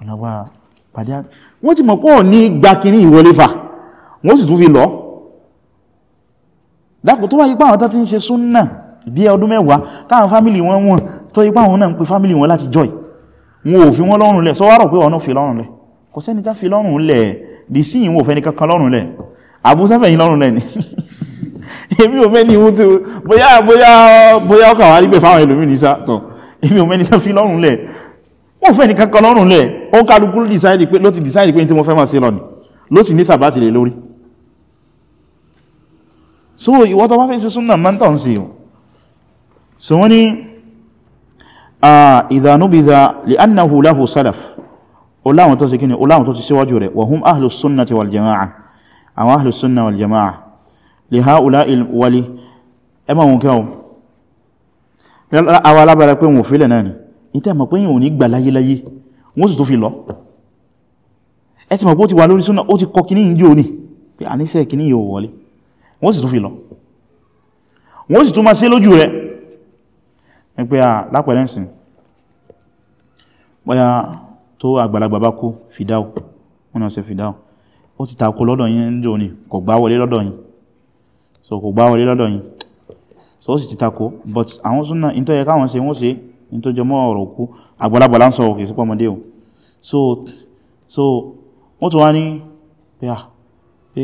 ọlágbára pàdé wọ́n ti mọ̀ pé ọ̀ ní gba kìíní ìwọlé fà wọ́n sì tún fi lọ dákùn tó wáyé pé àwọn ń ṣe súnnà bí ọdún mẹ́wàá táwọn fámílì wọn wọn tó ipá wọn náà ń pe fámílì wọn láti joy wọn ò fi wọn lọ́rùn lẹ̀ sọ́wọ́rọ̀ pé ọ̀nà fi lọ́rùn lẹ̀ kò sẹ́ni ká fi lọ́rùn lẹ̀ dì sí ìwọ̀n òfẹ́ nìkankan lọ́rùn lẹ̀ àbúsẹ́fẹ̀ yìí lọ́rùn lẹ̀ ni èmi ò mẹ́ni ohun tó bóyá bóyá bóyá ọkà wà nígbẹ̀ fáwọn ẹlòmí ní sátọ̀ èmi ò mẹ́ni tó fi lọ́rùn lẹ̀ wọ́n fẹ́ ní kankan lọ́rùn lẹ̀ ó kálukú ló ti decide pé tí mo fẹ́ máa ṣe lọ́nì ló sì ní tàbátì lè lórí so ìwọ tó bá fẹ́ ṣe súnà máa sí o so wọ́n ni idha nubidha li'annahu lahu salaf oláwọn tó sì kí ni oláwọn tó ti síwájú rẹ̀ wa hum ahlus sunnati wal jama'a àwọn ahlus sunna wal jama'a li ha'ula'il wali ẹmọ wọn kẹwọ àwọn alábára pé wọn fílẹ̀ náà ni ìtẹ́ mọ̀ pé yíò ní gbà láyéláyé wọ́n sì tó fi lọ ẹ ti ní pé à lápẹ̀lẹ́sìn bóyá tó àgbàlagbà bá kú fìdáù wọ́n náà ṣe fìdáù ó ti tàkó lọ́dọ̀ yín ń jò ní kò gbá wọlé lọ́dọ̀ yín so kò gbá wọlé lọ́dọ̀ yín so ó sì ti tàkó but àwọn súnà in tó yẹ káwọn ṣe wọ́n ṣe in tó jẹmọ́ ọ̀rọ̀ so so wọ́n tó wá ní pé à pé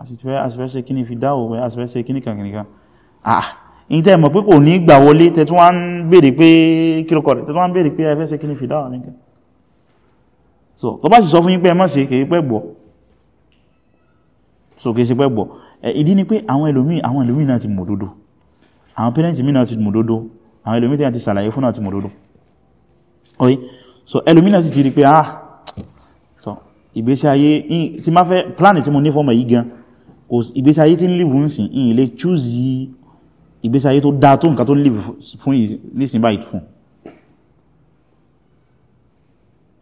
àsìfẹ́ àsìfẹ́ ṣe kíní fìdáù àsìfẹ́ ah ìtẹ́ mọ̀ pé kò ní gbà wọlé tẹ́tún wá ń bèèrè pé kírókọ̀ rẹ̀ tẹ́tún wá ń bèèrè pé ẹfẹ́ ṣe kí ní fìdáwà ní kẹ́ so tó bá sì sọ fún yín pé ẹ má kèé pẹ́ gbọ́ so kèé ṣe pẹ́ gbọ́ ìdí ni pé àwọn ẹlòmíì àwọn ẹlòmíì náà ti mọ̀ dodo àwọn parents mi náà ti mọ̀ dodo àwọn ẹlòmíì tí a ti ṣàlàyé fún náà ti mọ̀ oye so ẹlòmíì náà sì ti rí pé ah so ìgbésí ayé tí má fẹ́ plan tí mo ní fọ́mọ̀ yìí gan ìgbésí ayé tí ń lè wù ń sìn ìyìn lè choose ìgbésí ayé tó dáa tó nǹkan tó lè fún nísìn báyìí fún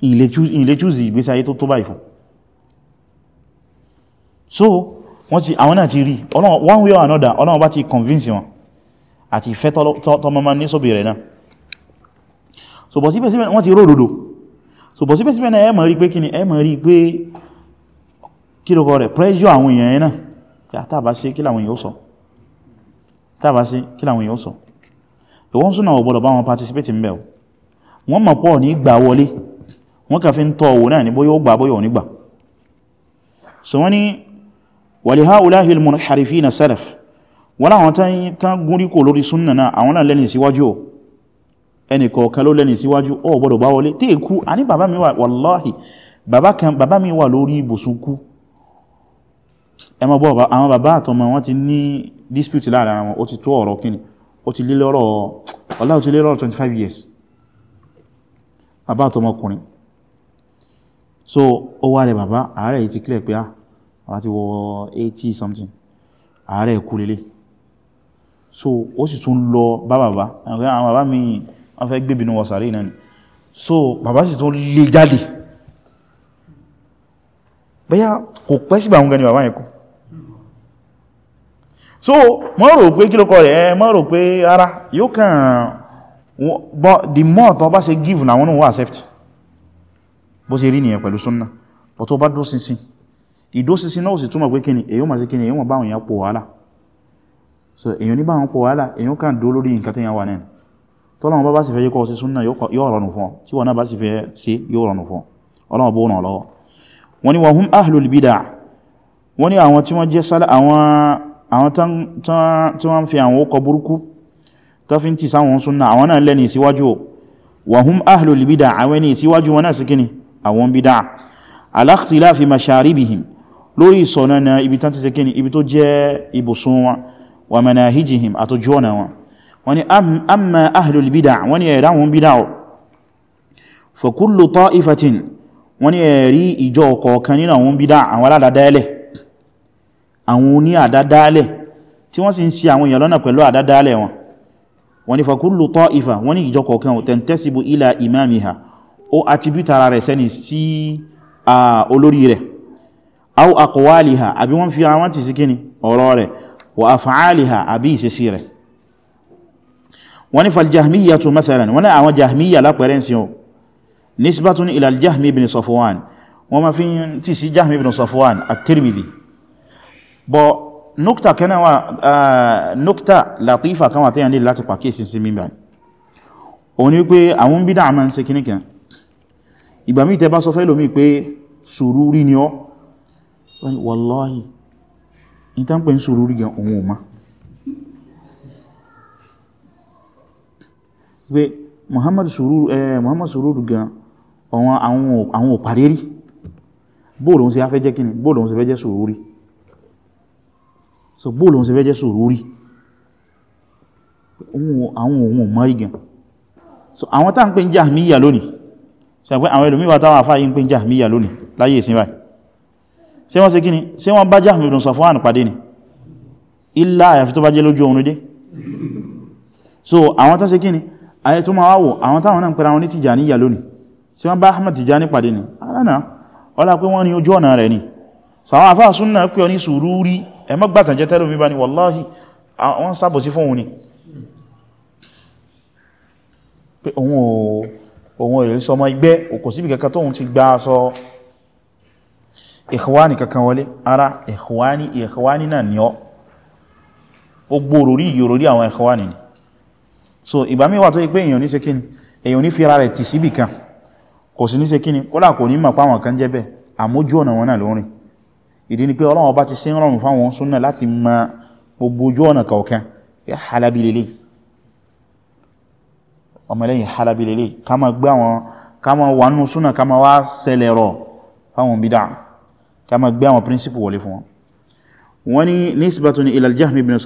ìlé chúùsì ìgbésí ayé tó tó báyìí fún so wọ́n ti àwọn náà ti rí one way or another ọlọ́wọ́n bá ti convince wọn àti ìfẹ́ tọ́mọ́mọ́ ní sóbì rẹ̀ náà so bọ̀ síbẹ̀síbẹ̀ wọ́n ti ródòdó so bọ̀ síbẹ̀síbẹ̀ náà ẹ máa rí pé kíni ẹ máa rí pé kí lókọ rẹ̀ pressure àwọn èèyàn náà pé àtàbà ṣe kí làwọn èèyàn ó sọ tàbá sí kí làwọn èèyàn sọ ìwọ́n súnà ọ̀gbọ́dọ̀ bá wọn participate mbẹ̀ wọ́n mọ̀ pọ̀ ní gbà wọlé wọ́n kà fi ń tọ́ owó náà ní bóyá ó gbà bóyá ò ní gbà so wọ́n ni wàlì ha ulahil munharifina salaf wọ́n láwọn tán gúnrí kò lórí súnà náà àwọn náà lẹ́ni síwájú ẹnì kọ̀ọ̀kan ló lẹ́ni síwájú ó gbọ́dọ̀ bá wọlé tí èkú àní bàbá mi wà wallahi bàbá mi wà lórí ibùsùn kú ẹ má gbọ́ àwọn bàbá àtọmọ wọn ti ní dispute láàrin ara wọn ó ti tó ọ̀rọ̀ kíni ó ti lé lọ́rọ̀ ọlá ó ti lé lọ́rọ̀ 25 years bàbá àtọmọ ọkùnrin so ó wá rẹ̀ bàbá ààrẹ yìí ti clear pé ah bàbá ti wọ 80 something ààrẹ kú lélẹ̀ so ó sì tún lọ bá bàbá àwọn bàbá mi wọ́n fẹ́ gbébinú wọ sàárè náà ni so bàbá sì tún lé jáde bẹ́yà kò pẹ́ sí bàbá wọn gan ni bàbá yẹn kú so mọ́ rò pé kí ló kọ rẹ̀ mọ́ rò ara yóò kàn but the more tó bá ṣe give na wọn náà wọ́n accept bó ṣe rí nìyẹn pẹ̀lú súnnà but tó bá dó sínsín ìdó sínsín náà sì túnmọ̀ pé kíni èyàn ma ṣe kíni èyàn ma báwọn èyàn pò wàhálà so èyàn ní báwọn pò wàhálà èyàn kàn dó lórí nǹkan tẹ́yàn wà nẹ́nu tọ́lọ́wọ́n bá bá sì fẹ́ yíkọ́ sí súnnà yóò rọrùn fún ọ tí wọ́n náà bá sì fẹ́ sí yóò rọrùn fún ọlọ́wọ́ bó ràn lọ́wọ́ wọ́n ni wọ́n hum ahlul bid'ah wọ́n ni àwọn tí wọ́n jẹ́ sálà àwọn tí wọ́n fi àwọn ókọ burúkú tó fi ń tì sáwọn súnnà àwọn náà lẹ́ni síwájú wàhún ahlu libida àwọn ẹni síwájú wọn náà sí kíni àwọn bídá ala ikhtilafi masharibihim lórí ìsọ̀nà na ibi tán ti sí ibi tó jẹ́ ibùsùn wọn wọn ni amma àwọn oní àdádálẹ̀ tí wọ́n sì ń ṣì àwọn èèyàn lọ́nà pẹ̀lú àdádálẹ̀ wọn wọ́n ní fakullu ta'ifa wọ́n ní ìjọ kọ̀ọ̀kan tẹ̀ntẹ́sìbò ila imamiha ó attribute ara rẹ̀ sẹ́ni sí olórí rẹ̀ aw aqwaliha àbí wọ́n fi àwọn ti sí kíni ọ̀rọ̀ rẹ̀ wa af'aliha àbí ìṣesí rẹ̀ wọ́n ní faljahmiyyatu mathalan wọ́n ní àwọn jahmiyya lápẹ̀rẹ́ sí o nisbatun ila aljahmi ibn safwan wọ́n ma fi ti sí jahmi ibn safwan at-tirmidhi bọ̀ nukta kẹnawa eh, nukta latifa kan wà tẹ́yàn ní láti pàkíyèsí sí mímbà o ní pé àwọn bídá àmà ń ṣe kìníkàn ìgbà mí tẹ́ bá sọ fẹ́ lómi pé sùúrù ni ọ́ wallahi ní tán pè ń sùúrù rí gan ohun ọmọ pé Muhammad sùúrù eh, gan àwọn òpàrí rí bóòlù ń ṣe afẹ́ jẹ́ kíni bóòlù ń ṣe fẹ́ jẹ́ sùúrù so bóòlù òun ṣe fẹ́ jẹ́ sùúrù àwọn ohun mọ́rí gan so àwọn tá ń pè ń jahmiya lónìí ṣe pé àwọn ẹlòmíwà táwọn àfáà yí ń pè ń jahmiya lónìí láyé ìsìn báyìí ṣé wọ́n ṣe kíni ṣé wọ́n bá jahmi ibn Safwan pàdé ni illa àyàfi tó bá jẹ́ lójú oorun dé so àwọn tó ṣe kíni ayé tó máa wáwò àwọn táwọn náà ń pẹ̀rẹ̀ àwọn ní Tijaniya lónìí ṣé wọ́n bá Ahmad Tijani pàdé ni alánà ọlá pé wọ́n ní ojú ọ̀nà rẹ̀ ni so àfáà súnnà pé ọ ní sùúrù rí ẹ má gbàtàn jẹ́ tẹ́lómi bá ní wàláhì wọ́n sábò sí fún òun ni pé òun òyìn sọ ọmọ igbẹ́ òkò síbi kankan tóun ti gbá sọ ìkwáni kankan wọlé ara ìkwáni ìkwáni náà ni ọ́ ó gbòrò rí ìyòrò rí àwọn ìkwáni ni so ìgbà míwà tó yí pé èèyàn ní ṣe kíni èèyàn ní fi ara rẹ̀ tì síbì kan kò sí ní ṣe kíni kódà kò ní mọ̀ páwọn kan jẹ́ bẹ́ẹ̀ àmójú ọ̀nà wọn náà lórin ìdí ni pé Ọlọ́run bá ti ṣe ń rọrùn fáwọn súnnà láti ma gbogbo ojú ọ̀nà kọ̀ọ̀kan ya halabilele ọmọlẹ́yìn halabilele ká ma gbé àwọn ká ma wà nínú súnnà ká ma wá sẹlẹ̀ rọ̀ fáwọn bídá ká ma gbé àwọn príncipù wọlé fún wọn wọ́n ni nisbatun ila al-Jahmi ibn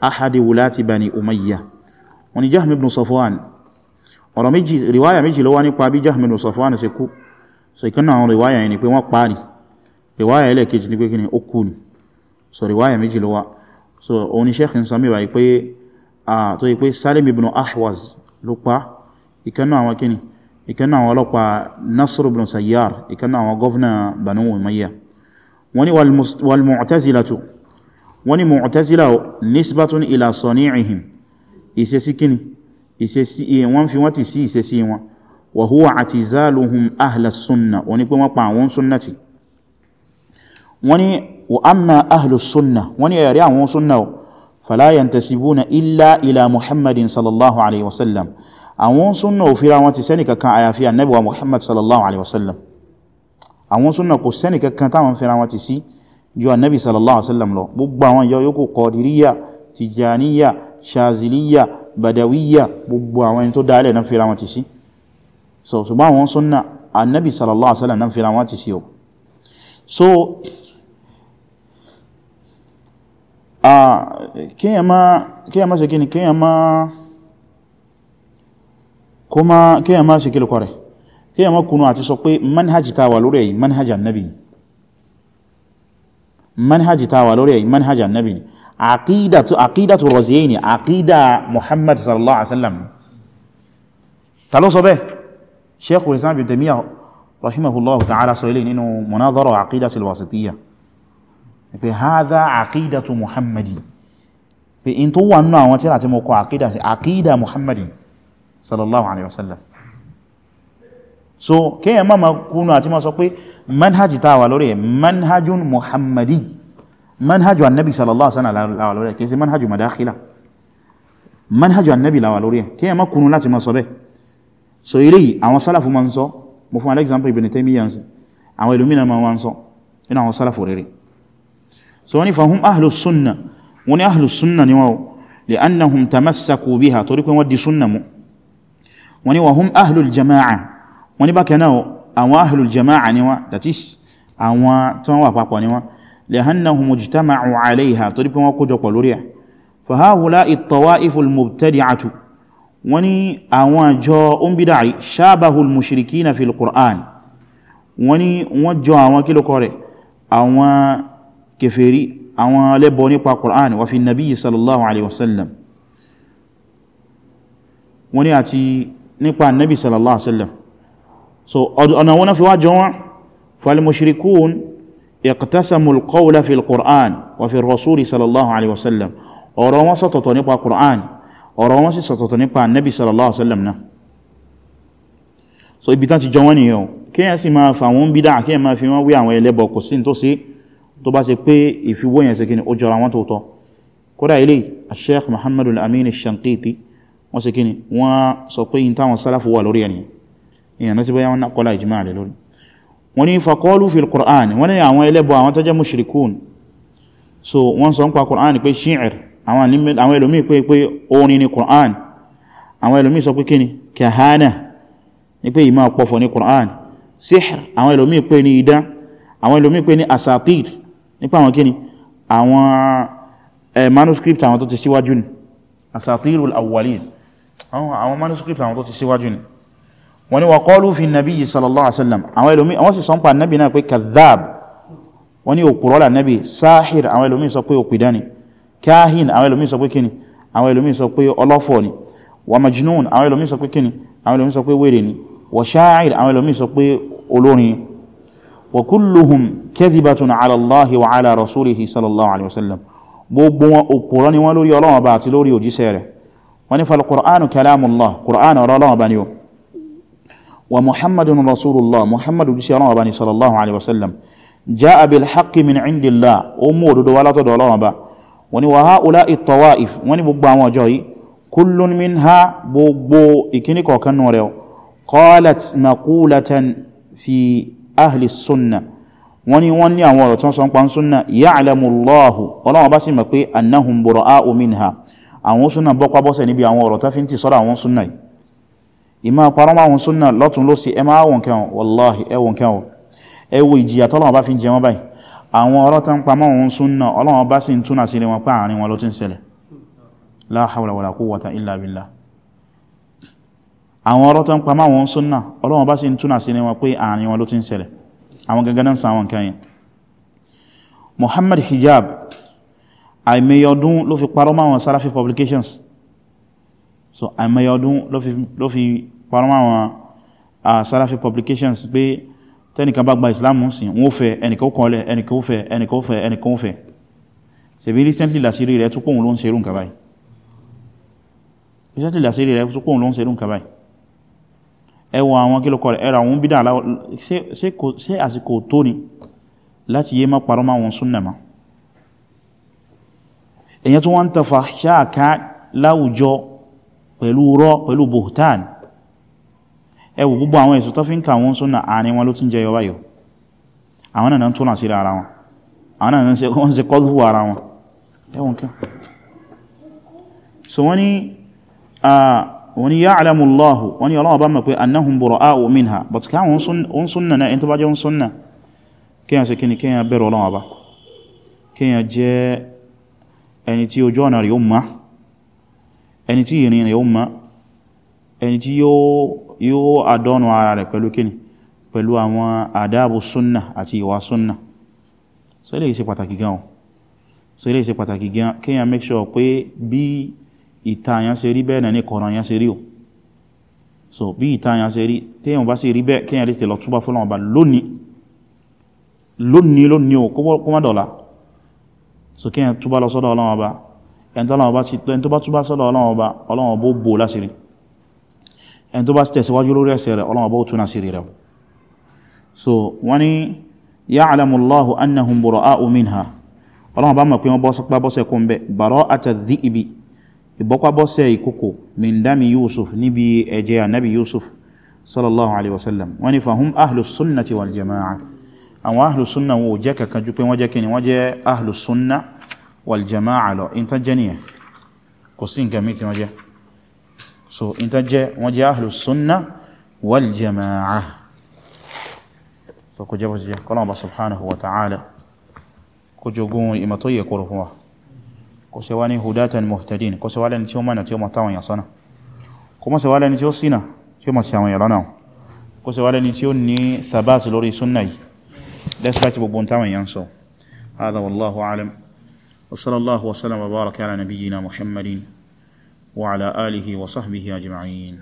ahadi wulati bani umayya wọ́n ní jahm ibn safwan ọ̀rọ̀ méjì riwaya méjì ló wà nípa bí jahm ibn safwan ṣe kú so ìkànnà àwọn riwaya yẹn ni pé wọ́n pa ni riwaya ẹlẹ́ẹ̀kejì ni pé kí ni ó kú ni so riwaya méjì ló wà so òun ni sheikh nsọ mẹ́wàá pé tó yí pé salim ibn ahwaz ló pa ìkànnà àwọn kíni ìkànnà àwọn ọlọ́pàá nasr ibn sayyar ìkànnà àwọn gọ́vnà banu umayya wọ́n wal mu'tazilatu wọ́n ni mu'tazila nisbatun ila sani'ihim ìṣesí kíni ìṣesí wọ́n fi wọ́n ti sí ìṣesí wọn wa huwa i'tizaluhum ahla sunna wọ́n ni pé wọ́n pa àwọn sunna ti wọ́n ni wa amma ahlu wọ́n ni ẹ̀rí ju annabi sallallahu alaihi wasallam lọ gbogbo àwọn ìjọ yòókù kọdìríyà tìjàníyà ṣàzìlíyà bàdàwíyà gbogbo àwọn ẹni tó dálẹ̀ náà fira wọn ti sí so ṣùgbọ́n àwọn súnnà annabi sallallahu alaihi wasallam náà fira wọn ti sí o so kíyàn má ṣe kíni kíyàn má kó má má ṣe kílùkọ rẹ̀ má kunu àti sọ pé manhajita wà lórí ẹ̀yìn manhaj annabi manhaj tawa lórí ẹ̀yìn manhaj annabi ni àkídàtù rọ̀zíyé ni àkídà muhammad sallallahu alaihi wasallam ta ló sọ bẹ́ sheikhul islam bin tamiya rahimahullahu ta'ala sọ ilé nínú munadhara àkídàtù alwasitiyya pé hadha àkídàtù muhammadi pé in tó wà nínú àwọn tíra tí mo kọ àkídà sí àkídà muhammadin sallallahu alaihi wasallam so kíyàn máa máa kúnnù àti máa sọ pé manhajì tá wà lórí ẹ̀ manhajun muhammadi manhajù annabi sallallahu alaihi wasallam la wà lórí ẹ̀ kìí sí so eléyìí àwọn sálàfù máa ń sọ mo fún alexander ibn taymiyyah sí àwọn ìlúmínà rere so wọ́n ni fahum ahlus sunna wọ́n ni ahlus sunna ni wọ́n li'annahum tamassaku biha torí pé wọ́n di sunna mu wọ́n ni wahum ahlul jama'a wọ́n ní bákan náà àwọn ahlul jama'a ni wọ́n that is àwọn tí wọ́n wà papọ̀ ni wọ́n li'annahum ijtama'u 'alayha torí pé wọ́n kó jọpọ̀ lórí ẹ̀ fa ha'ula'i at-tawa'iful mubtadi'atu wọ́n ní àwọn àjọ ombidai shabahul wasallam wọ́n ní nípa nabi sallallahu alaihi wasallam so ọ̀nà wọn fi wá jọ wọn falmushirikun iqtasamu alqawla fi alqur'an wa fi rasuli sallallahu alaihi wasallam ọ̀rọ̀ wọn sọ̀tọ̀tọ̀ nípa qur'an ọ̀rọ̀ wọn sì sọ̀tọ̀tọ̀ nípa nabi sallallahu wasallam náà so ibi tán ti jọ wọn nìyẹn kíyàn sì máa fà wọn bídá kíyàn máa fi wọn wé àwọn ẹlẹ́bọ kò sí tó sí tó bá ṣe pé ìfiwó yẹn sí kíni ó jọra wọn tóótọ́ kódà ilé Sheikh Muhammadul Amin Shanqiti wọ́n sì kíni wọ́n sọ pé yín táwọn sálàfù lórí ẹniyàn ìyànà sí bóyá wọn nàkọ́lá ìjímà rẹ̀ lórí wọ́n ní fakọ́lù fi al-Qur'an wọ́n ní àwọn ẹlẹ́bọ̀ àwọn tó jẹ́ mushrikun so wọ́n sọ ń pa Qur'an pé shi'ir àwọn ẹlòmí pé pé orin ni Qur'an àwọn ẹlòmí sọ pé kíni kahana ni pé ìmá pọ̀fọ̀ ni Qur'an sihr àwọn ẹlòmí pé ni idán àwọn ẹlòmí pé ni asatir nípa àwọn kíni eh, àwọn manuscript àwọn tó ti síwájú ni asatirul awwalin àwọn manuscript àwọn tó ti síwájú ni wọ́n ni wà kọlu fi nabi sallallahu alaihi wasallam àwọn ẹlòmí àwọn sì sọ́npa nabi náà pé kadhab wọ́n ni òkúrọ́lá nabi sahir àwọn ẹlòmí sọ pé òpìdáni kahin àwọn ẹlòmí sọ pé kíni àwọn ẹlòmí sọ pé ọlọ́fọ̀ ni wà majnun àwọn ẹlòmí sọ pé kíni àwọn ẹlòmí sọ pé wèrè ni wà wa muhammadun rasulullah muhammadu bí sí ọlọ́wọ́ bá ní sallallahu alaihi wasallam jaa bil haqqi min indillah o mú òdodo wá látọ̀dọ̀ ọlọ́wọ́ bá wani wa haula ittawa'if wani gbogbo àwọn ọjọ́ yìí kullun min ha gbogbo ìkíní kọ̀ọ̀kan nù rẹ̀ qalat maqulatan fi ahli sunna wani wọ́n ní àwọn ọ̀rọ̀ tí wọ́n sọ ń pa sunna ya'lamu allahu ọlọ́wọ́ bá sì mọ̀ pé annahum bura'u minha àwọn sunna bọ́kwá bọ́sẹ̀ níbi àwọn ọ̀rọ̀ tá fi ń ti sọ́rọ̀ àwọn sunna yìí ìmá parọ́mà wọn súnnà lọ́tún ló sí ẹmà àwọn kẹwọn wàláhì ẹwọn kẹwọn ẹwọ ìjìyà tọ́lọ̀wọ̀ bá fi jẹ wọ́n báyìí àwọn ọ̀rọ̀ tán pamọ́ wọn súnnà ọlọ́wọ́ bá sì ń túnà sí wọn pé àárín wọn ló ti ń ṣẹlẹ̀ la hawla wala quwwata illa billah àwọn ọ̀rọ̀ tán pamọ́ wọn súnnà ọlọ́wọ́ bá sì ń túnà sí wọn pé àárín wọn ló ti ń ṣẹlẹ̀ àwọn gangan náà sàwọn publications so àìmọye ọdún ló fi parọ́mọ́ àwọn Salafi publications pé tẹ́nìkan bá gba Islamu sí wọ́n fẹ́ ẹnìkan ó kọ́lẹ̀ ẹnìkan ó fẹ́ ẹnìkan ó fẹ́ ẹnìkan ó fẹ́ ṣebí recently lásìrí rẹ̀ tó pòun ló ń serú nǹkan báyìí recently lásìrí rẹ̀ tó pòun ló ń serú nǹkan báyìí ẹwọ àwọn kílọkọ rẹ̀ ẹra àwọn bídá aláwọ̀ ṣe àsìkò tó ni láti yé má parọ́ máa wọn súnnà ma èyàn tó wọ́n ń ṣáàká láwùjọ pẹ̀lú rọ́ pẹ̀lú bohtan ẹwù gbogbo àwọn èsù tó fi ń kàwọn súnà àárín wọn ló tún jẹyọ báyọ̀ àwọn náà tó nà sí ara wọn àwọn náà wọ́n ṣe kọ́lù ara wọn ẹwùn kí so wọ́n ni ya'lamu Allahu wọ́n ni Ọlọ́hun bá mọ̀ pé annahum bura'u minha but káwọn ẹni tí ìrìn rẹ̀ ó ma ẹni tí yóò adọ́nù ara rẹ̀ pẹ̀lú kíni pẹ̀lú àwọn àdáàbò súnnà àti ìwà súnnà so ilé ìṣe pàtàkì gan o so ilé ìṣe pàtàkì gan kíyàn make sure pé bí ìta àyàn rí bẹ́ẹ̀ ní kọ̀rọ̀ àyàn ṣe rí o so bí ìta àyàn ṣe rí kíyàn bá sì rí bẹ́ẹ̀ kíyàn lè tẹ̀lọ túbá fọ́lọ́wọ́ bá lónìí lónìí lónìí o kó so kíyàn túbá lọ sọ́dọ̀ ọlọ́wọ́ bá ẹni tó bá túbá sọ́lọ̀ ọlọ́wọ̀n bó bò lásìrí ẹni tó bá tẹ̀síwájú lórí ẹsẹ̀ rẹ̀ ọlọ́wọ̀n bó tún lásìrí rẹ̀ so wọ́n ni ya'lamu Allahu annahum bura'a'u minha ọlọ́wọ̀n bá mọ̀ pé wọ́n bọ́sọ́pá bọ́sẹ̀ kún bẹ bara'ata dhi'bi ìbọ́pá bọ́sẹ̀ ìkókò min dami Yusuf níbi ẹ̀jẹ̀ ànábi Yusuf sallallahu alaihi wasallam wọ́n ni fahum ahlus sunnati wal jama'a àwọn ahlus sunna wọn ò jẹ́ kankan ju pé wọ́n wal lọ in tán jẹ́ níyẹn kò sí nǹkan mítí wọ́n jẹ́ so in tán jẹ́ wọ́n jẹ́ ahlu sunna wal so kò jẹ́ bó jẹ́ kọ́nà bá subhanahu wa ta'ala kò jogun ìmọ̀ tó yẹ kúrò fún wa kò ṣe wá ní hudatan muhtadin kò ṣe wá lẹ́ni tí ó mọ̀nà tí ó mọ̀ táwọn yà sọ́nà kò mọ̀ ṣe wá lẹ́ni tí ó ṣìnà tí ó mọ̀ sí àwọn yà kò ṣe wá lẹ́ni tí ó ní thabati lórí sunna despite gbogbo táwọn yà sọ هذا والله أعلم وصلى الله وسلم وبارك على نبينا محمد وعلى آله وصحبه أجمعين